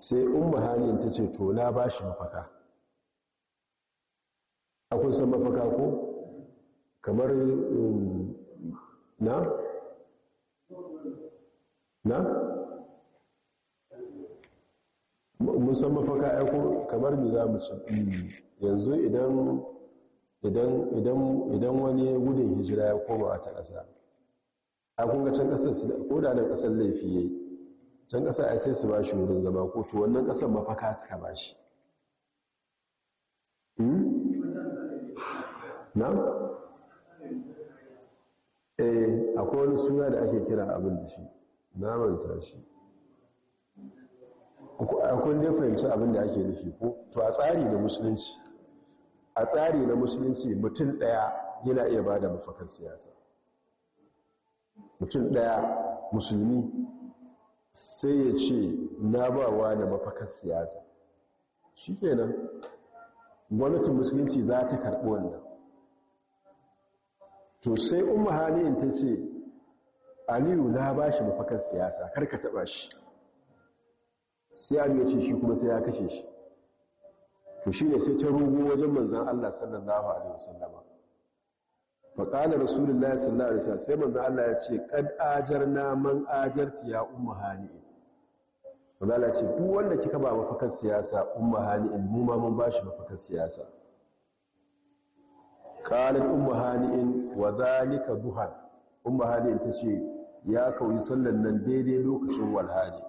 Speaker 1: sai ummu halin ta ce to na ba shi mafaka akwai san mafaka ko kamar um, na na musan mafaka aiko kamar mi za mu ci hmm, yanzu idan idan idan idan wani gudun hijira ya koma a ta ƙasa a kunga can ƙasar ko da nan ƙasar laifi yayi can ƙasa a sai su ba shi wurin zama ko to wannan ƙasar mafaka suka ba shi hmm? na? eh akwai wani suna da ake kira abin da shi namanta shi akwai da fahimci abin da ake nufi ko to a tsari da musulunci a tsari na musulunci mutum ɗaya yana iya ba da mafakar siyasa mutum ɗaya musulmi sai ya ce na ba wa da mafakar siyasa shi kenan gwamnatin musulunci za ta karɓi wannan to sai umar haliyin ta ce aliyu na ba shi mafakar siyasa karka taɓa shi sai aliyu ya ce shi kuma sai ya kashe shi to shi ne sai ta rugu wajen manzan allah sallallahu alaihi wasallama faƙalar rasulullah sallallahu alaihi sai manzo Allah ya ce kad ajarna man ajarti ya ummu hani'in manzo Allah ya ce duk wanda kika ba mafakan siyasa ummu hani'in mu ma mun bashi mafakan siyasa qalat ummu hani'in wa zalika duhan ummu hani'in tace ya kauyi sallan nan daidai lokacin walhadi.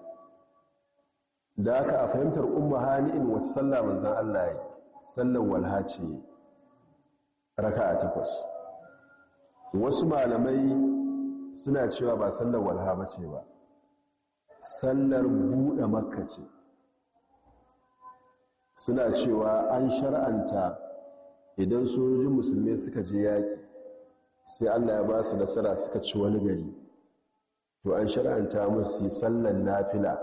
Speaker 1: da aka a fahimtar ummu hani'in wata sallah manzon Allah ya sallan ne raka raka'a takwas wasu malamai suna cewa ba sallar walha ba ce ba sallar buɗe makka ce suna cewa an shar'anta idan sojojin musulmi suka je yaƙi sai allah ya ba su nasara suka ci wani gari to an shar'anta musu sallar nafila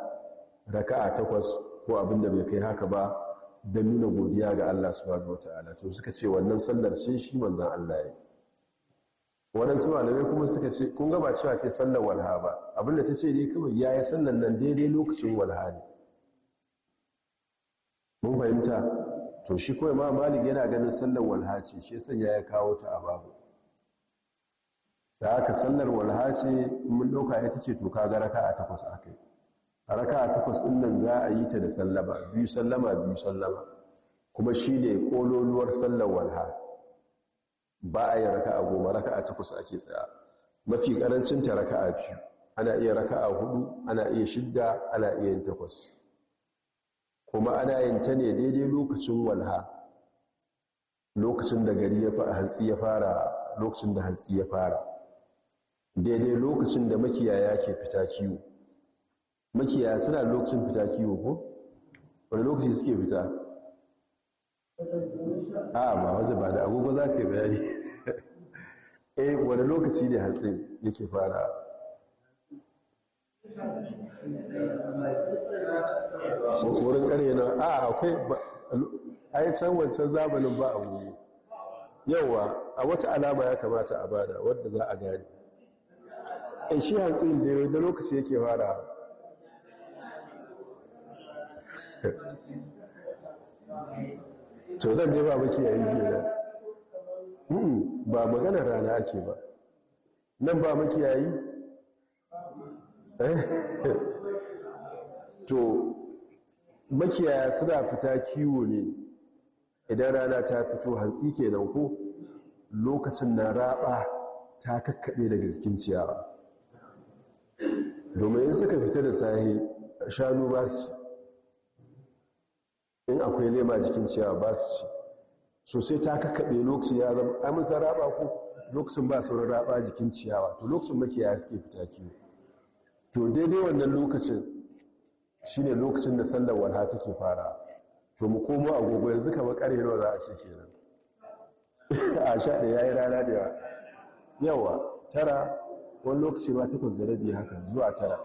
Speaker 1: a takwas ko abinda bai kai haka ba don nuna godiya ga allah subhanahu wata'ala to suka ce wannan sallar ce shi manzan allah ya yi waɗansu malamai kuma suka ce kun gaba cewa ce sallar walha ba abinda ta ce dai kawai ya yi sallar nan daidai lokacin walha ne mun fahimta to shi kawai ma malik yana ganin sallar walha ce shi yasa ya ya kawo ta a babu da aka sallar walha ce mun ɗauka ya ta ce to ka ga raka a takwas a kai a raka a takwas ɗin nan za a yi ta da sallama biyu sallama biyu sallama kuma shi ne ƙololuwar sallar walha ba a yi raka'a goma raka'a takwas ake tsaya mafi karancin ta raka'a biyu ana iya raka'a hudu ana iya shidda ana iya yin takwas kuma ana yin ta ne daidai lokacin walha lokacin da gari ya hantsi ya fara lokacin da hantsi ya fara daidai lokacin da makiyaya ke fita kiwo makiyaya suna lokacin fita kiwo ko wani lokaci suke fita a ba waje ba da agogo za ka yi bayani [laughs] E, wani lokaci ne hatsin yake fara wurin ƙarye na a akwai a yi can wancan zamanin ba agogo yauwa a wata alama ya kamata a bada wadda za a gane E, shi hatsin da yau da lokaci yake fara Thank [laughs] you. to zan ne ba ya yi kenan ba maganar rana ake ba nan ba ya yi eh. to makiyaya suna fita kiwo ne idan rana ta fito hantsi kenan ko lokacin na raba ta kakkaɓe daga jikin ciyawa domin in suka fita da sahi shanu ba su in akwai lema jikin ciyawa ba su ci sosai ta kakaɓe lokacin ya zama amsa raba ko lokacin ba sauran raba jikin ciyawa to lokacin makiyaya suke fita kiwo to daidai wannan lokacin shine lokacin da sallar walha take fara to mu komo agogo yanzu kamar nawa za a ce kenan [laughs] a sha da yayi rana da yawa tara wani lokaci ba takwas da rabi haka zuwa tara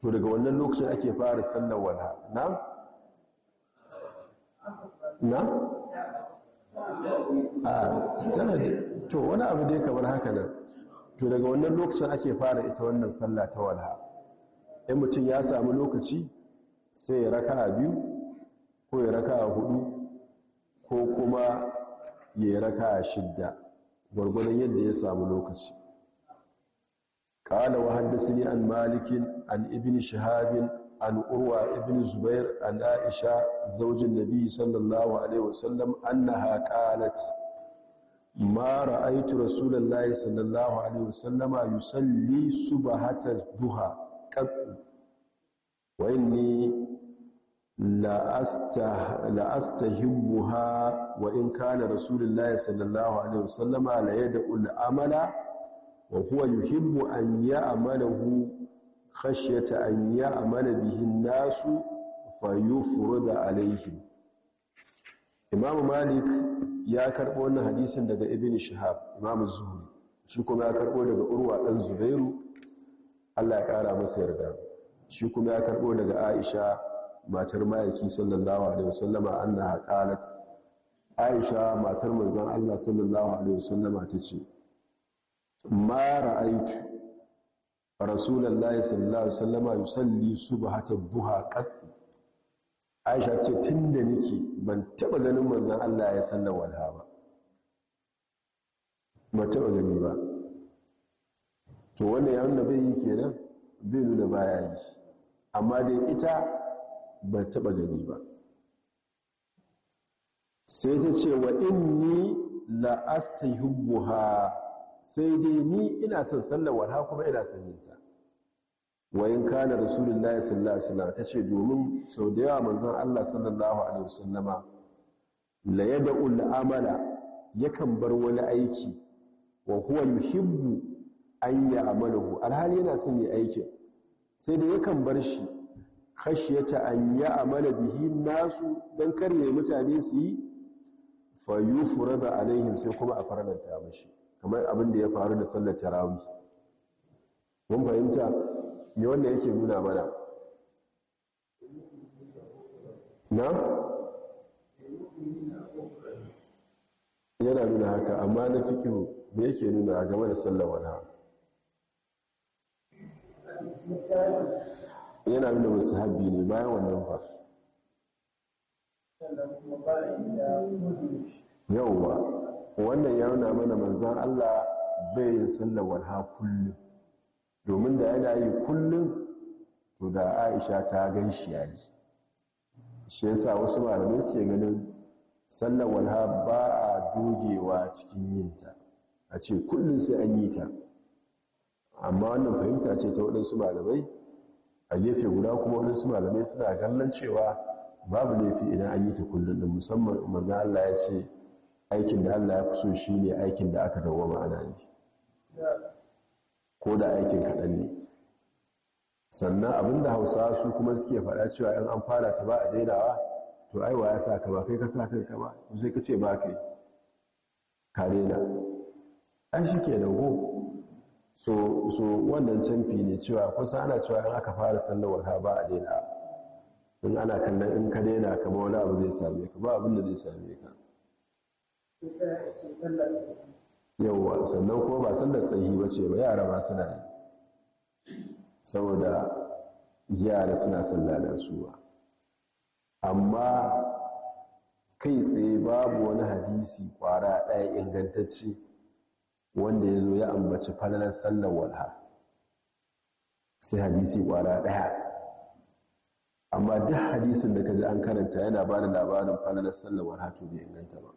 Speaker 1: to daga wannan lokacin ake fara sallar walha na na? a tana da to wani abu dai kamar haka nan to daga wannan lokacin ake fara ita wannan sallah ta walha in mutum ya samu lokaci sai ya raka a biyu ko ya raka a hudu ko kuma ya raka a shidda gwargwadon yadda ya samu lokaci haddasa ne an malikin an ibini shahabin. an urwa ibn zubair an aisha zaujin nabi sallallahu alaihi wasallam annaha qalat ma ra'aytu rasulullahi sallallahu alaihi wasallama yusalli subhata duha qattu wa inni la astah la astahibbuha wa in kana rasulullahi sallallahu alaihi wasallama la yad'u al-amala wa huwa yuhibbu an ya'malahu khashyata an ya'mala bihin nasu fayufruda alaihim Imam Malik ya karbo wannan hadisin daga Ibn Shihab Imam Zuhri shi kuma ya karbo daga Urwa dan Zubairu Allah ya kara masa yarda shi kuma ya karbo daga Aisha matar mayaki sallallahu alaihi wasallama annaha qalat Aisha matar manzon Allah sallallahu alaihi wasallama tace ma ra'aytu rasulullahi sallallahu alaihi wasallama yusalli subhata duha qat Aisha ce tunda nake ban taba ganin manzon Allah ya sallar walha ba ba taba gani ba to wanda ya wanda bai yi kenan bai nuna baya yi amma dai ita ba taba gani ba sai ta ce wa inni la astahibbuha sai dai ni ina son sallar walha kuma ina son yin ta wayin kana rasulullahi sallallahu alaihi wasallam tace domin sau da yawa manzon Allah sallallahu alaihi wasallama la yad'ul amala yakan bar wani aiki wa huwa yuhibbu an ya'malahu alhali yana son yi aikin sai dai yakan bar shi khashiyata an ya'mala bihi nasu dan kare mutane su yi fa yufrada alaihim sai kuma a faranta mashi kamar abin da ya faru da sallar tarawi mun fahimta ne wanda yake nuna mana na yana nuna haka amma na fikiru da yake nuna a game da sallar haka. yana nuna musu habbi ne bayan wannan ba yauwa wannan ya nuna mana manzan Allah bai yin sallar walha kullum domin da yana yi kullum to da aisha ta gan shi ya yi shi yasa wasu malamai suke ganin sallar walha ba a dogewa cikin yinta a ce kullum sai an yi ta amma wannan fahimta ce ta waɗansu malamai a gefe guda kuma waɗansu malamai suna kallon cewa babu laifi idan an yi ta kullum musamman umarna Allah ya ce aikin da Allah ya fi so shi ne aikin da aka dawwama ana yi ko da aikin kaɗan ne sannan abinda hausawa su kuma suke faɗa cewa 'yan an fara ta ba a dainawa to aiwa ya sa ka ba kai ka sa kai kama sai ka ce ba kai ka daina an shi ke dago so so wannan canfi ne cewa kusa ana cewa 'yan aka fara sannan wata ba a daina in ana kallon in ka daina ka wani abu zai same ka ba abin da zai same ka yauwa sannan kuma ba sallar tsayi ba ce ba yara ba suna yi saboda yara suna son su ba amma kai tsaye babu wani hadisi kwara ɗaya ingantacce wanda ya zo ya ambaci falalar sallar walha sai hadisi kwara ɗaya amma duk hadisin da ka ji an karanta yana ba da labarin falalar sallar walha to bai inganta ba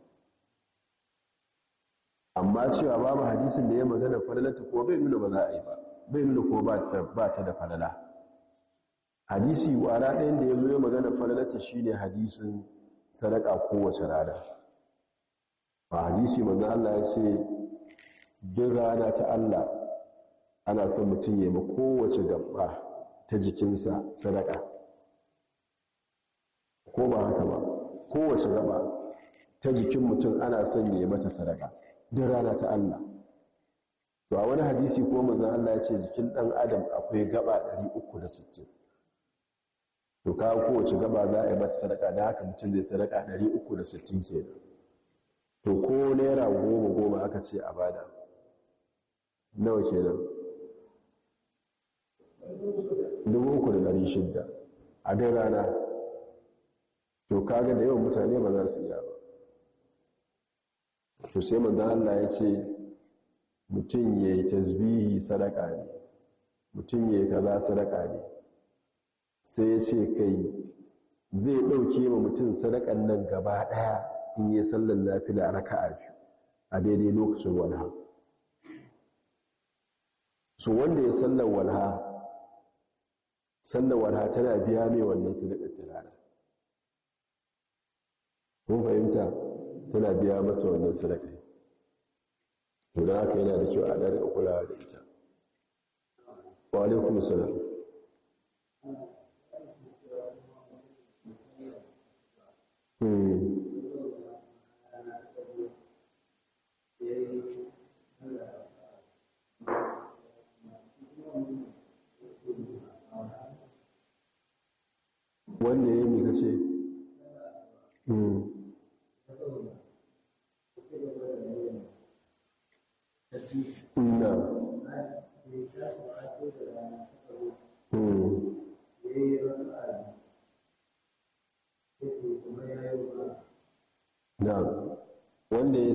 Speaker 1: amma cewa babu hadisin da ya magana falalata ko bai nuna ba za a yi ba bai nuna ko ba ta da falala hadisi wara ɗayan da ya zo ya magana falalata shi ne hadisin sadaka kowace rana ba hadisi manzan Allah ya ce duk rana ta Allah ana son mutum ya yi kowace gaba ta jikinsa sadaka ko ba haka ba kowace gaba ta jikin mutum ana son ya yi mata sadaka duk rana ta Allah to a wani hadisi ko manzon Allah ya ce jikin dan adam akwai gaba 360 to ka kowace gaba za a yi mata sadaka da haka mutum zai sadaka 360 kenan to ko naira goma goma aka ce a bada nawa kenan shidda a dai rana to kaga da yawan mutane ba za su iya ba to sai manzan Allah ya ce mutum ya yi tasbihi sadaka ne mutum ya yi kaza sadaka ne sai ya ce kai zai ɗauke ma mutum sadakan nan gaba ɗaya in yi sallan lafiya a a biyu a daidai lokacin walha su wanda ya sallan walha sallan walha tana biya mai wannan sadakar ta rana kun fahimta tana biya masa wannan sadaka to da haka yana da kyau a ɗan kulawa da ita wa alaikum salam hmm. wanda ya yi mika ce hmm. na wanda ya yi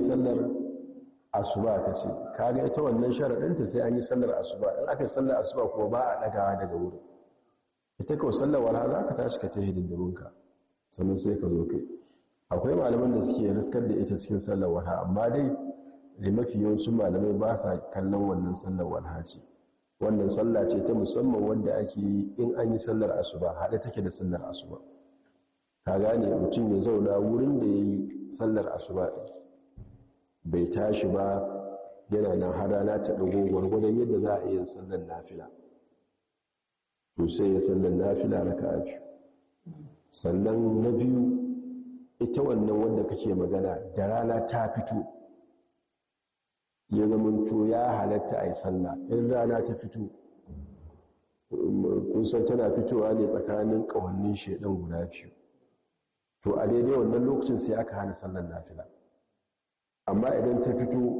Speaker 1: sallar asuba ka ce kaga ita wannan sharaɗinta sai an yi sallar asuba in aka yi sallar asuba kuma ba a ɗagawa daga wuri. ita kawai sallar wala za ka tashi ka ta hidindiminka sannan sai ka zo kai akwai malaman da suke riskar da ita cikin sallar wala amma dai da mafi yawancin malamai ba sa kallon wannan sallar walha wannan sallah ce ta musamman wanda ake yi in an yi sallar asuba haɗe take da sallar asuba ka gane mutum ya zauna wurin da ya yi sallar asuba bai tashi ba yana nan har rana ta ɗago gwargwadon yadda za a iya sallar nafila to sai ya sallar nafila na ka biyu sannan na biyu ita wannan wanda kake magana da rana ta fito ya to ya halatta a yi sallah in rana ta fito kusan tana fitowa ne tsakanin ƙawannin shaidan guda biyu to a daidai wannan lokacin sai aka hana sallar nafila amma idan ta fito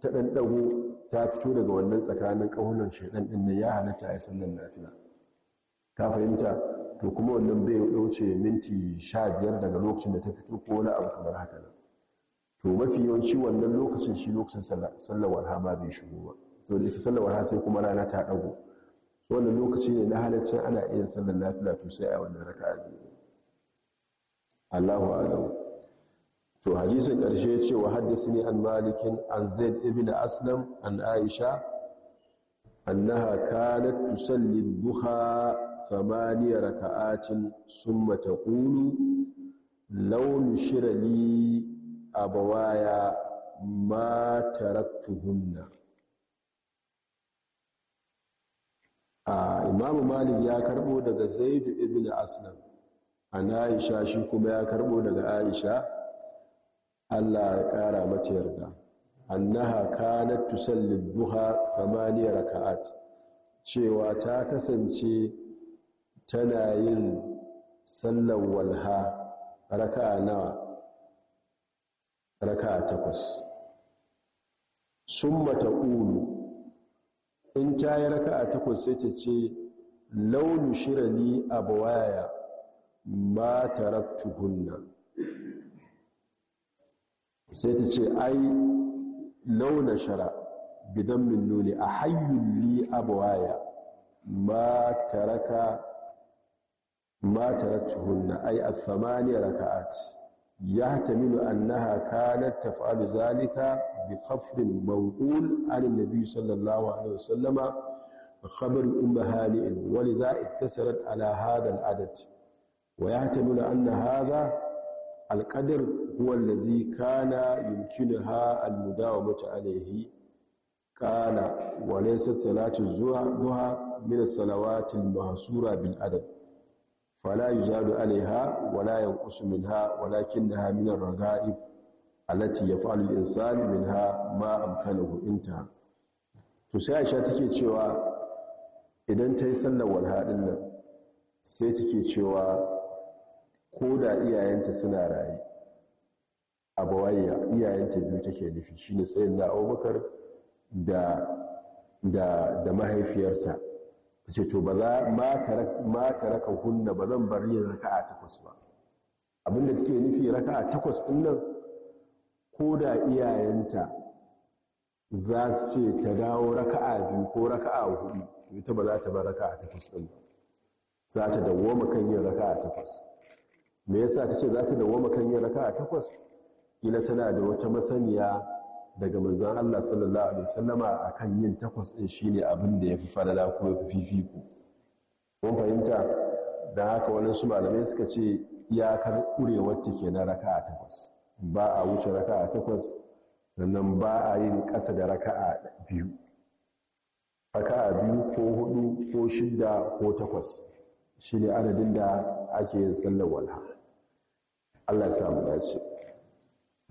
Speaker 1: ta ɗanɗago ta fito daga wannan tsakanin ƙahunan shaidan ɗin ya halatta a yi sallan nafila ka fahimta to kuma wannan bai wuce minti sha biyar daga lokacin da ta fito ko wani abu kamar haka nan to mafi yawanci wannan lokacin shi lokacin sallar walha ma bai shigo ba da ita sallar walha sai kuma rana ta dago wannan lokaci ne na halaccin ana iya sallar nafila to sai a wannan raka'a biyu Allahu a'lam to hadisin karshe ya ce wa ne an malikin an zaid ibn aslam an aisha annaha kanat tusalli duha thamaniya raka'atin summa taqulu law nushira abawaya ma taraktuhunna a imamu malik ya karbo daga zaidu ibn aslam ana aisha shi kuma ya karbo daga aisha allah ya kara mata yarda annaha kanat tusalli duha thamaniya raka'at cewa ta kasance tana yin sallar walha raka'a nawa raka takwas sun mata ƙulu in ta yi raka a takwas sai ta ce launu shirali a bawaya ma taraktu hunna sai ta ce ai launa shara bidan min nuni a hayyun li a bawaya ma taraka ma taraktu hunna ai a raka a raka'at ya tamilu annaha kanat taf'alu zalika bi khafrin mawqul an nabi sallallahu alaihi wasallama wa khabar ummahani wa lidha iktasarat ala hadha al adad wa yahtamilu anna hadha al qadar huwa allazi kana yumkinuha al mudawamatu alayhi wa wa laysat salatu zuha duha min as salawati al mahsura bil adad fala yuzadu alaiha wala yanqusu minha walakinnaha min ar-raga'ib allati yaf'alu al-insanu minha ma amkanahu intaha to sai Aisha take cewa idan ta yi sallar walha nan sai take cewa ko da iyayenta suna raye a bawaiya iyayenta biyu take nufi shine sayyidina Abubakar da da mahaifiyarta ce to ba za ma taraka hunna ba zan bar yin raka'a takwas ba abinda take nufi raka'a takwas din nan ko da iyayenta za su ce ta dawo raka'a biyu ko raka'a hudu ita ba za ta bar raka'a takwas din ba za ta dawo kan yin raka'a takwas me yasa tace ce za ta dawo kan yin raka'a takwas ila tana da wata masaniya daga manzan Allah sallallahu Alaihi wasallama a kan yin takwas ɗin shi ne abinda ya fi falala ko ya fi fifiku. Kun fahimta, da haka su malamai suka ce iyakar ƙurewar wata ke na raka a takwas. Ba a wuce raka a takwas, sannan ba a yin ƙasa da raka a biyu. Raka a biyu ko hudu ko shida, ko takwas shi ne adadin da ake yin sallar walha. Allah ya samu dace.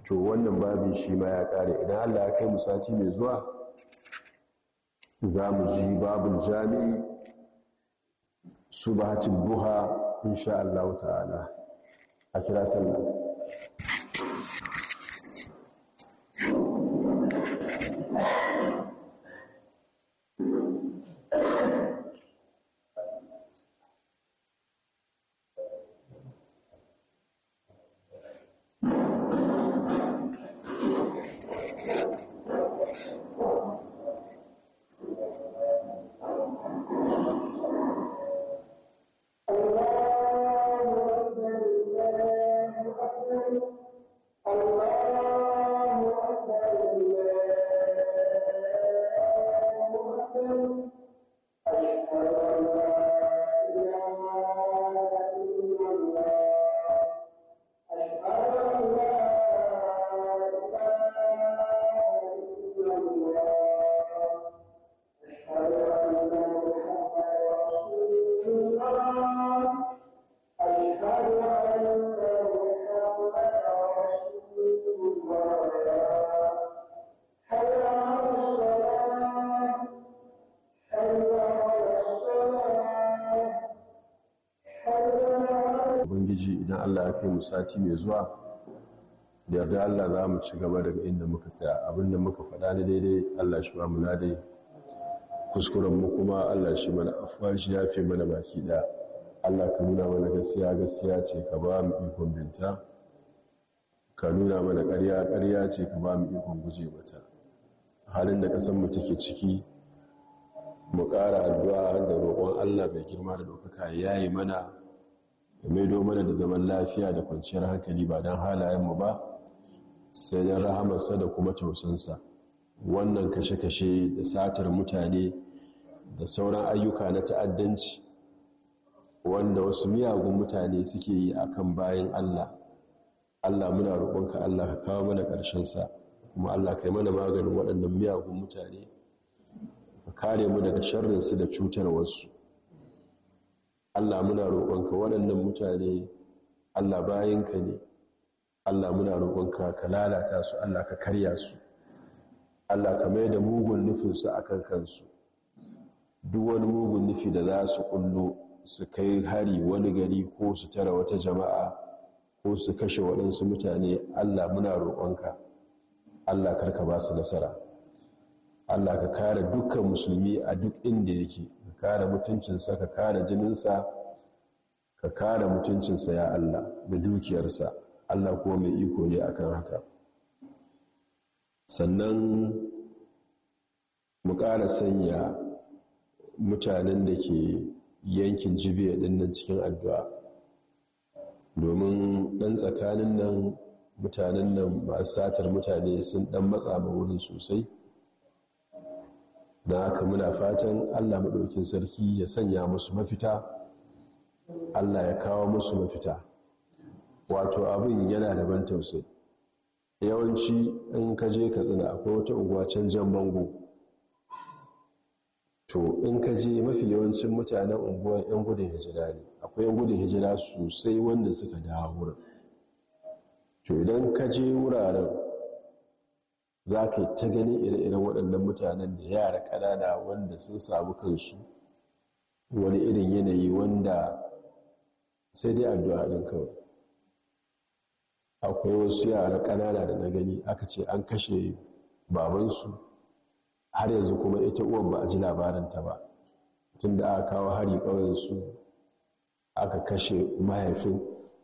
Speaker 1: to wannan babin shi ma ya kare idan allah ya kai mu sati mai zuwa za mu ji babin jami'i su ba buha insha allah ta'ala a kira ubangiji idan allah ya kai mu sati mai zuwa da yarda allah za mu ci gaba daga inda muka tsaya abinda muka faɗa da daidai allah shi ba mu na dai kuskuren mu kuma allah shi mana afuwa shi ya fi mana baki ɗaya allah ka nuna mana gaskiya gaskiya ce ka ba mu ikon binta ka nuna mana ƙarya ƙarya ce ka ba mu ikon guje mata halin da mu take ciki mu ƙara addu'a da roƙon allah mai girma da ɗaukaka ya yi mana ya maido mana da zaman lafiya da kwanciyar hankali ba don halayenmu ba sai don rahamarsa da kuma tausansa wannan kashe-kashe da satar mutane da sauran ayyuka na ta'addanci wanda wasu miyagun mutane suke yi a kan bayan allah allah muna roƙonka allah ka kawo mana ƙarshensa kuma allah kai mana maganin waɗannan miyagun mutane ka kare mu daga sharrinsu da cutar wasu Allah muna roƙonka waɗannan mutane Allah bayinka ne Allah muna roƙonka ka lalata su Allah ka karya su Allah ka mai da mugun nufinsu a kan kansu duk wani mugun nufi da za su ƙullo su kai hari wani gari ko su tara wata jama'a ko su kashe waɗansu mutane Allah muna roƙonka Allah karka ba su nasara Allah ka kare dukkan musulmi a duk inda yake kare mutuncinsa ka kare jininsa ka kare mutuncinsa ya Allah da dukiyarsa Allah kuma mai iko ne akan haka sannan mu ƙara sanya mutanen da ke yankin jibiya ɗin nan cikin addu'a domin ɗan tsakanin nan mutanen nan masu satar mutane sun ɗan matsa ba wurin sosai na haka muna fatan allah maɗaukin sarki ya sanya musu mafita allah ya kawo musu mafita wato abin yana da ban tausayi yawanci in ka je katsina akwai wata unguwa can jan bango to in ka je mafi yawancin mutanen unguwar 'yan gudun hijira ne akwai 'yan gudun hijira sosai wanda suka dawo wurin to idan ka je wuraren za ka yi ta ganin ire-iren waɗannan mutanen da yara ƙanana wanda sun samu kansu wani irin yanayi wanda sai dai addu'a ɗin kawai akwai wasu yara ƙanana da na gani aka ce an kashe babansu har yanzu kuma ita uwan ba a ji labaranta ba tun da aka kawo hari ƙauyensu aka kashe mahaifin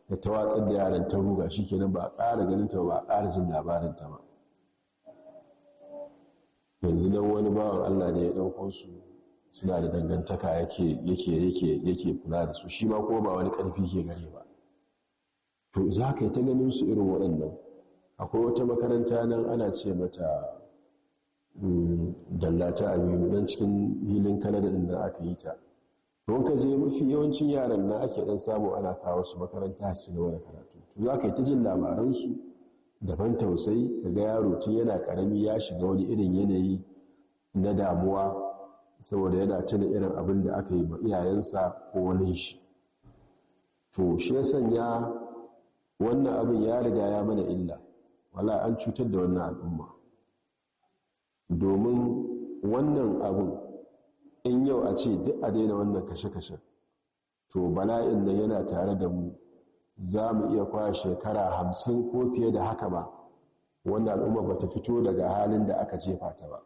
Speaker 1: da ta watsar da yaran ta ruga shi kenan ba a ƙara ganin ta ba a ƙara jin labarinta ba yanzu don wani bawan allah ne ya ɗauko su suna da dangantaka yake yake kula da su shi ma kuma ba wani ƙarfi ke gare ba to za ka yi ta ganin su irin waɗannan akwai wata makaranta nan ana ce mata mm, dallata biyu don cikin hilin kanada ɗin da aka yi ta don ka je mafi yawancin yaran na ake ɗan samu ana kawo su makaranta su wani karatu to za ka yi ta jin labaransu daban tausayi daga yaro tun yana karami ya shiga wani irin yanayi na damuwa saboda yana tuna irin abin da aka yi ma iyayensa ko wani shi to shi ya sanya wannan abin ya riga ya mana illa wala an cutar da wannan al'umma domin wannan abin in yau a ce duk a daina wannan kashe-kashen to bala'in nan yana tare da mu za mu iya kwaya shekara hamsin ko fiye da haka ba wanda al'umma ba ta fito daga halin da aka jefa ta ba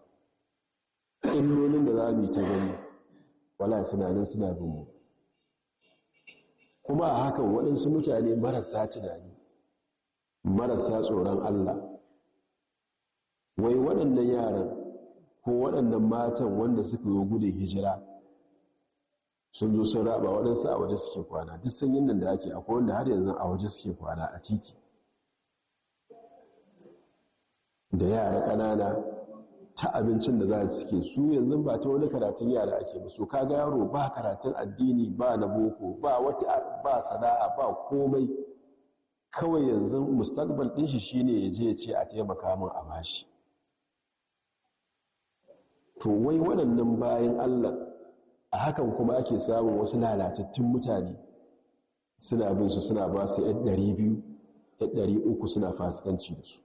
Speaker 1: illolin da za mu yi ta gani wala suna nan suna bin mu kuma a hakan waɗansu mutane marasa tunani marasa tsoron allah wai waɗannan yaran ko waɗannan matan wanda suka yi gudun hijira sun zo sun raba waɗansu a waje suke kwana duk sanyin nan da ake akwai wanda har yanzu a waje suke kwana a titi da yara ƙanana ta abincin da za su suke su yanzu ba ta wani karatun yara ake ba so kaga yaro ba karatun addini ba na boko ba wata ba sana'a ba komai kawai yanzu mustaqbal din shi shine ya je ce a taimaka min a bashi to wai waɗannan bayan Allah a hakan kuma ake samun wasu lalatattun mutane suna bin su suna ba su uku suna fasikanci da su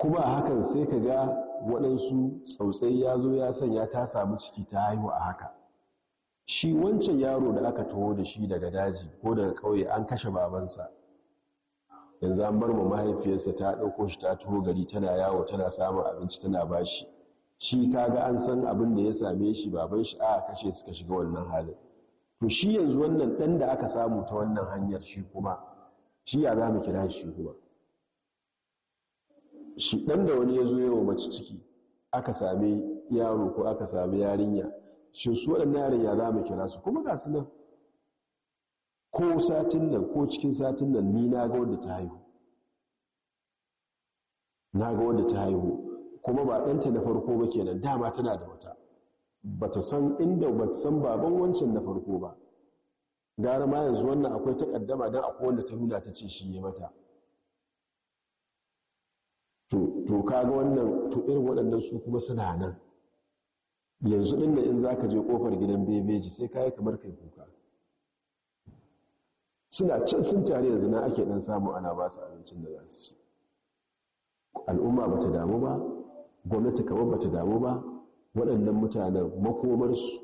Speaker 1: kuma a hakan sai ka ga waɗansu tsautsai ya zo ya sanya ta samu ciki ta haihu a haka shi wancan yaro da aka taho da shi daga daji ko daga ƙauye an kashe babansa yanzu an bar mu mahaifiyarsa ta ɗauko shi ta taho gari tana yawo tana samun abinci tana bashi shi kaga an san abin da ya same shi baban shi a kashe suka shiga wannan halin to shi yanzu wannan dan da aka samu ta wannan hanyar shi kuma shi ya zama kira shi kuma shi ɗan da wani ya zo mace ciki aka same yaro ko aka same yarinya shi su wadannan yarinya za mu kira su kuma gasu nan ko satin nan ko cikin satin nan ni na ga wanda ta haihu na ga wanda ta haihu kuma ba ɗanta na farko ba kenan dama tana da wata bata san inda ba ta san baban wancan na farko ba gara ma yanzu wannan akwai ta takaddama don akwai wanda ta nuna ta ce shi ya mata to kaga wannan to irin waɗannan su kuma suna nan yanzu ɗin da in za ka je ƙofar gidan bebeji sai ka yi kamar kai kuka suna can sun tare yanzu na ake ɗan samu ana ba su abincin da za su ci al'umma ba ta damu ba gwamnati kamar bata damu ba waɗannan mutanen makomarsu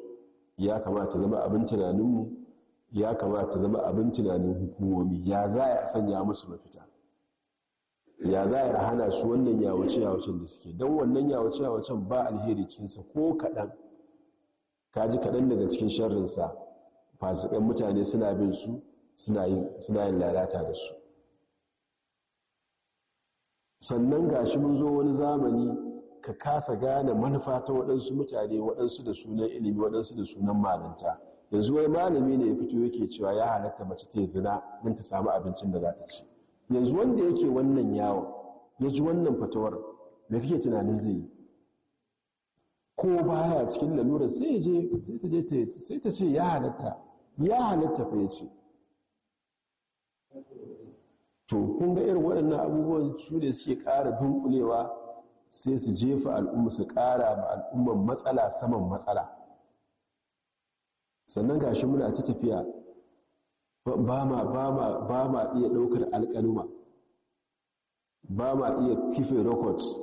Speaker 1: ya kamata zama abin tunaninmu ya kamata zama abin tunanin hukumomi ya za a sanya musu mafita ya za a hana su wannan yawace-yawacen da suke don wannan yawace-yawacen ba alheri cikinsa ko kaɗan ka ji kaɗan daga cikin sharrinsa fasikan mutane suna bin su suna yin lalata da su sannan gashi mun zo wani zamani ka kasa gane manufa ta waɗansu mutane waɗansu da sunan ilimi waɗansu da sunan malinta yanzu wani malami ne ya fito yake cewa ya halatta mace ta zina don ta samu abincin da za ta ci yanzu wanda yake wannan yawon ya ji wannan fatawar da kake tunanin zai yi ko baya cikin lalura sai je sai ta je sai ta ce ya halatta ya halatta fa yace to kun ga irin waɗannan abubuwan su ne suke ƙara dunkulewa sai su jefa al'umma su ƙara ma al'umman matsala saman matsala sannan ga shi muna ta tafiya ba ma ba ma ba ma iya ɗaukar alƙaluma ba ma iya kife records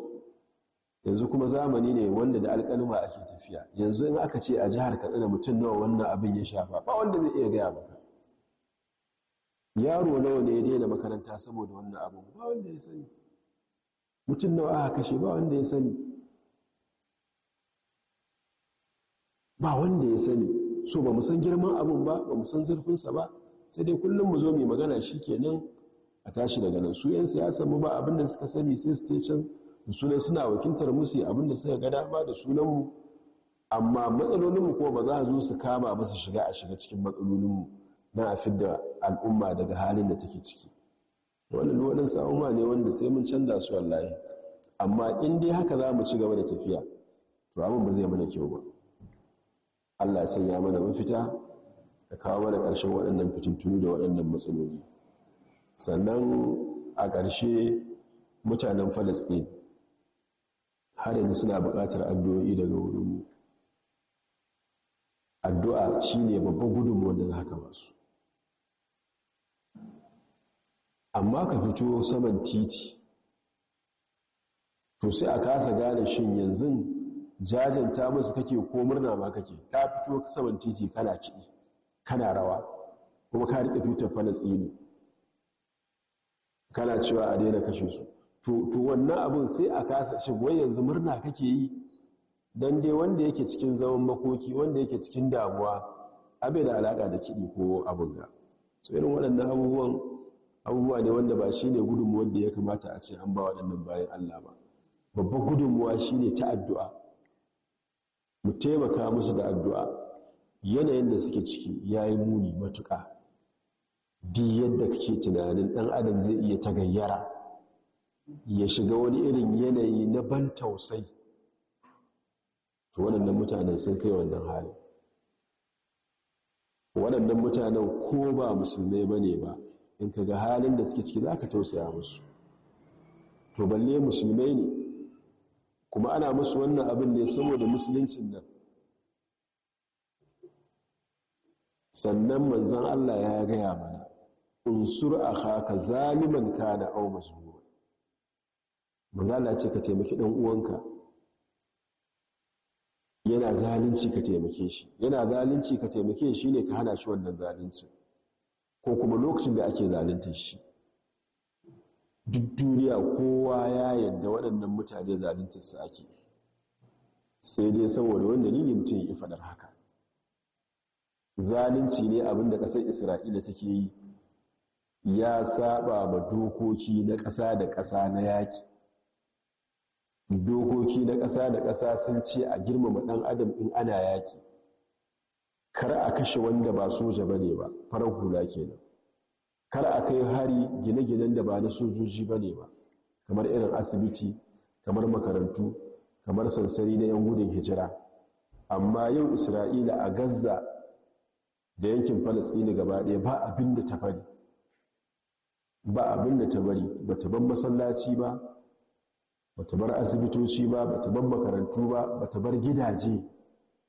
Speaker 1: yanzu kuma zamani ne wanda da alƙaluma ake tafiya yanzu in aka ce a jihar katsina mutum nawa wannan abin ya shafa ba wanda zai iya gaya maka yaro nawa ne ya daina makaranta saboda wannan abin ba wanda ya sani mutum nawa aka kashe ba wanda ya sani ba wanda ya sani so ba mu san girman abin ba ba mu san zurfinsa ba sai dai kullum mu zo mai magana shi kenan a tashi daga nan su 'yan siyasa mu ba abin da suka sani sai station sunan suna wakiltar musu abin da suka gada ba da mu amma matsalolinmu kuma ba za a zo su kama ba su shiga a shiga cikin matsalolinmu na a fidda al'umma daga halin da take ciki wannan waɗansu sa'umma ne wanda sai mun canza su wallahi amma in dai haka za mu ci gaba da tafiya to abin ba zai mana kyau ba allah ya sanya mana mafita da kawo mana ƙarshen waɗannan fitintunu da waɗannan matsaloli sannan a ƙarshe mutanen falasɗin har yanzu suna buƙatar addu'o'i daga wurinmu addu'a shine babban gudunmu wanda za ka basu amma ka fito saman titi to sai a kasa gane shin yanzu jajanta musu kake ko murna ma kake ta fito saman titi kana kiɗi kana rawa kuma ka riƙe tutar falasini kana cewa a daina kashe su to wannan abin sai a kasa shi wai yanzu murna kake yi don dai wanda yake cikin zaman makoki wanda yake cikin damuwa abin da alaƙa da kiɗi ko abin ga so irin waɗannan abubuwan abubuwa ne wanda ba shi ne gudunmuwar da ya kamata a ce an ba waɗannan bayan Allah ba babban gudunmuwa shi ne ta addu'a mu taimaka musu da addu'a yanayin da suke ciki ya yi muni matuƙa di yadda kake tunanin ɗan adam zai iya ta gayyara ya shiga wani irin yanayi na ban tausai to waɗannan mutanen sun kai wannan halin waɗannan mutanen ko ba musulmai ba ne ba in ka ga halin da suke ciki za ka tausaya musu to balle musulmai ne kuma ana musu wannan abin ne saboda musuluncin nan sannan manzan Allah ya gaya mana unsur a haka zaliman ka da au mazmura manzala ce ka taimaki ɗan uwanka yana zalunci ka taimake shi yana zalunci ka taimake shi ne ka hana shi wannan zalunci ko kuma lokacin da ake zalunta shi duk duniya kowa ya yadda waɗannan mutane su ake sai dai saboda wanda nini mutum ya faɗar haka zalunci ne abin da ƙasar isra'ila take yi ya saba ma dokoki na ƙasa da ƙasa na yaƙi dokoki na ƙasa da ƙasa sun ce a girmama ɗan adam in ana yaƙi kar a kashe wanda ba soja ba ba farar hula kenan kar a kai hari gine-ginen da ba na sojoji ba ba kamar irin asibiti kamar makarantu kamar sansari na 'yan gudun hijira amma yau isra'ila a gazza da yankin falasini gaba ɗaya ba abin da ta fari ba abin da ta bari ba ta ban masallaci ba ba ta bar asibitoci ba ba ta ban makarantu ba ba ta bar gidaje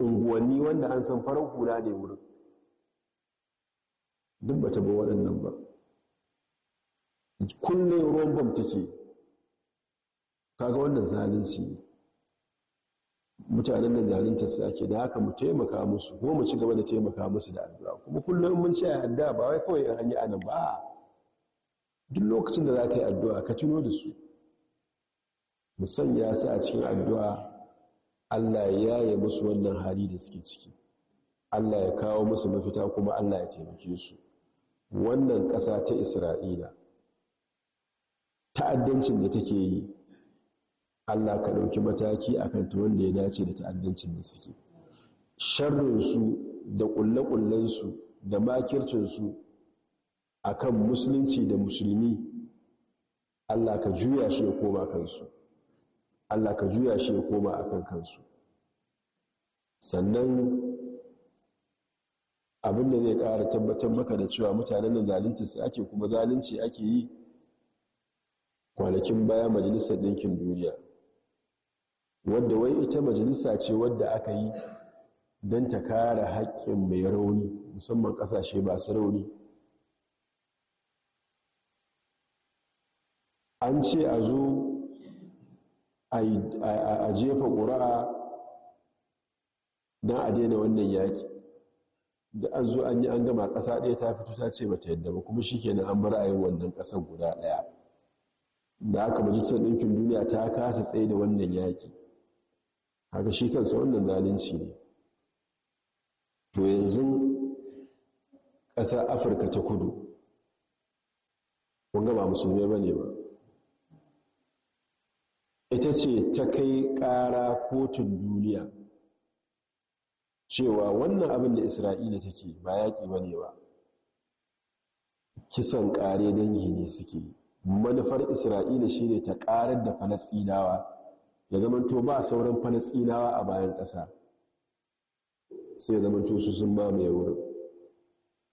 Speaker 1: unguwanni wanda an san farar hula ne wurin duk ba ta ba waɗannan ba kullum ruwan bam take kaga wannan zalunci ne mutanen nan zaluntar su ake da haka mu taimaka musu ko mu ci gaba da taimaka musu da addu'a kuma kullum mun ce addu'a ba wai kawai an yi anan ba duk lokacin da za ka yi addu'a ka tuno da su mu sanya su a cikin addu'a Allah ya yi musu wannan hali da suke ciki Allah ya kawo musu mafita kuma Allah ya taimake su wannan ƙasa ta Isra'ila ta'addancin da take yi Allah ka ɗauki mataki akan ta wanda ya dace da ta'addancin da suke sharrinsu da ƙulle-ƙullensu da makircinsu akan musulunci da musulmi Allah ka juya shi ya koma kansu allah ka juya shi ya koma a kan kansu sannan abin da zai ƙara tabbatar maka da cewa mutanen da zalunta su ake kuma zalunci ake yi kwanakin baya majalisar ɗinkin duniya wadda wai ita majalisa ce wadda aka yi don ta kara haƙƙin mai rauni musamman ƙasashe su rauni an ce a zo a jefa ƙura'a don a daina wannan yaƙi da an zo an yi an gama ƙasa ɗaya ta fito ta ce mata yadda ba kuma shi kenan an bar yi wannan ƙasar guda ɗaya da aka majalisar ɗinkin duniya ta kasa tsaye da wannan yaƙi haka shi kansa wannan zalunci ne to yanzu ƙasar afirka ta kudu kun gama musulmai ba ne ba ita ce ta kai ƙara kotun duniya cewa wannan abin da isra'ila take ba yaƙi ba ne ba kisan ƙare dangi ne suke manufar isra'ila shine ta ƙarar da falasɗinawa ya zamanto ba sauran falasɗinawa a bayan ƙasa sai ya zamanto su sun mai wurin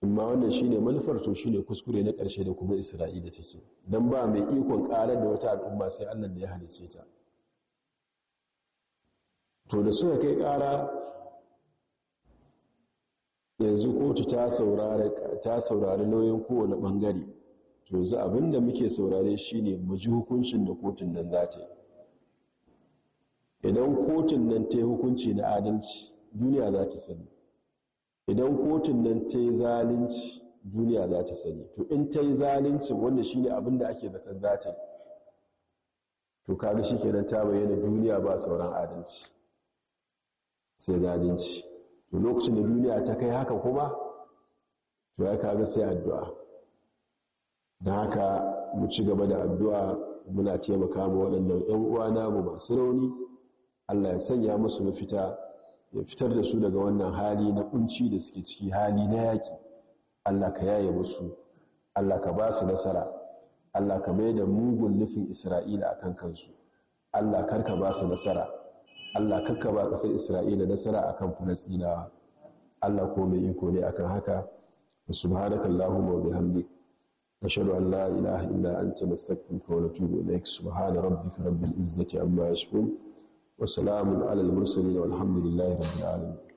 Speaker 1: amma wannan shine manufar to shine kuskure na ƙarshe da kuma isra'ila take don ba mai ikon ƙarar da wata al'umma sai allah da ya halice ta to da suka kai ƙara yanzu kotu ta saurari nauyin kowane bangare to yanzu abin da muke saurare shine mu ji hukuncin da kotun nan za ta yi idan kotun nan ta yi hukunci na adalci duniya za ta sani idan kotun nan ta yi zalunci duniya za ta sani to in ta yi zalunci wanda shi ne abin da ake zaton za ta to kaga shi nan ta bayyana duniya ba sauran adalci sai zalunci to lokacin da duniya ta kai haka kuma to ya kaga sai addu'a da haka mu ci gaba da addu'a muna taimaka ma waɗannan 'yan uwa namu masu rauni allah ya sanya musu mafita ya fitar da su daga wannan hali na kunci da suke ciki hali na yaki. Allah ka yaye musu Allah ka ba su nasara Allah ka mai da mugun nufin Isra'ila akan kansu Allah karka ba su nasara Allah karka ba ƙasar Isra'ila nasara akan falastina Allah ko mai iko ne akan haka subhanakallahu wa bihamdik أشهد أن ilaha illa anta nastaghfiruka wa natubu إليك subhana rabbika rabbil izzati Amma, yasifun وسلام على المرسلين والحمد لله رب العالمين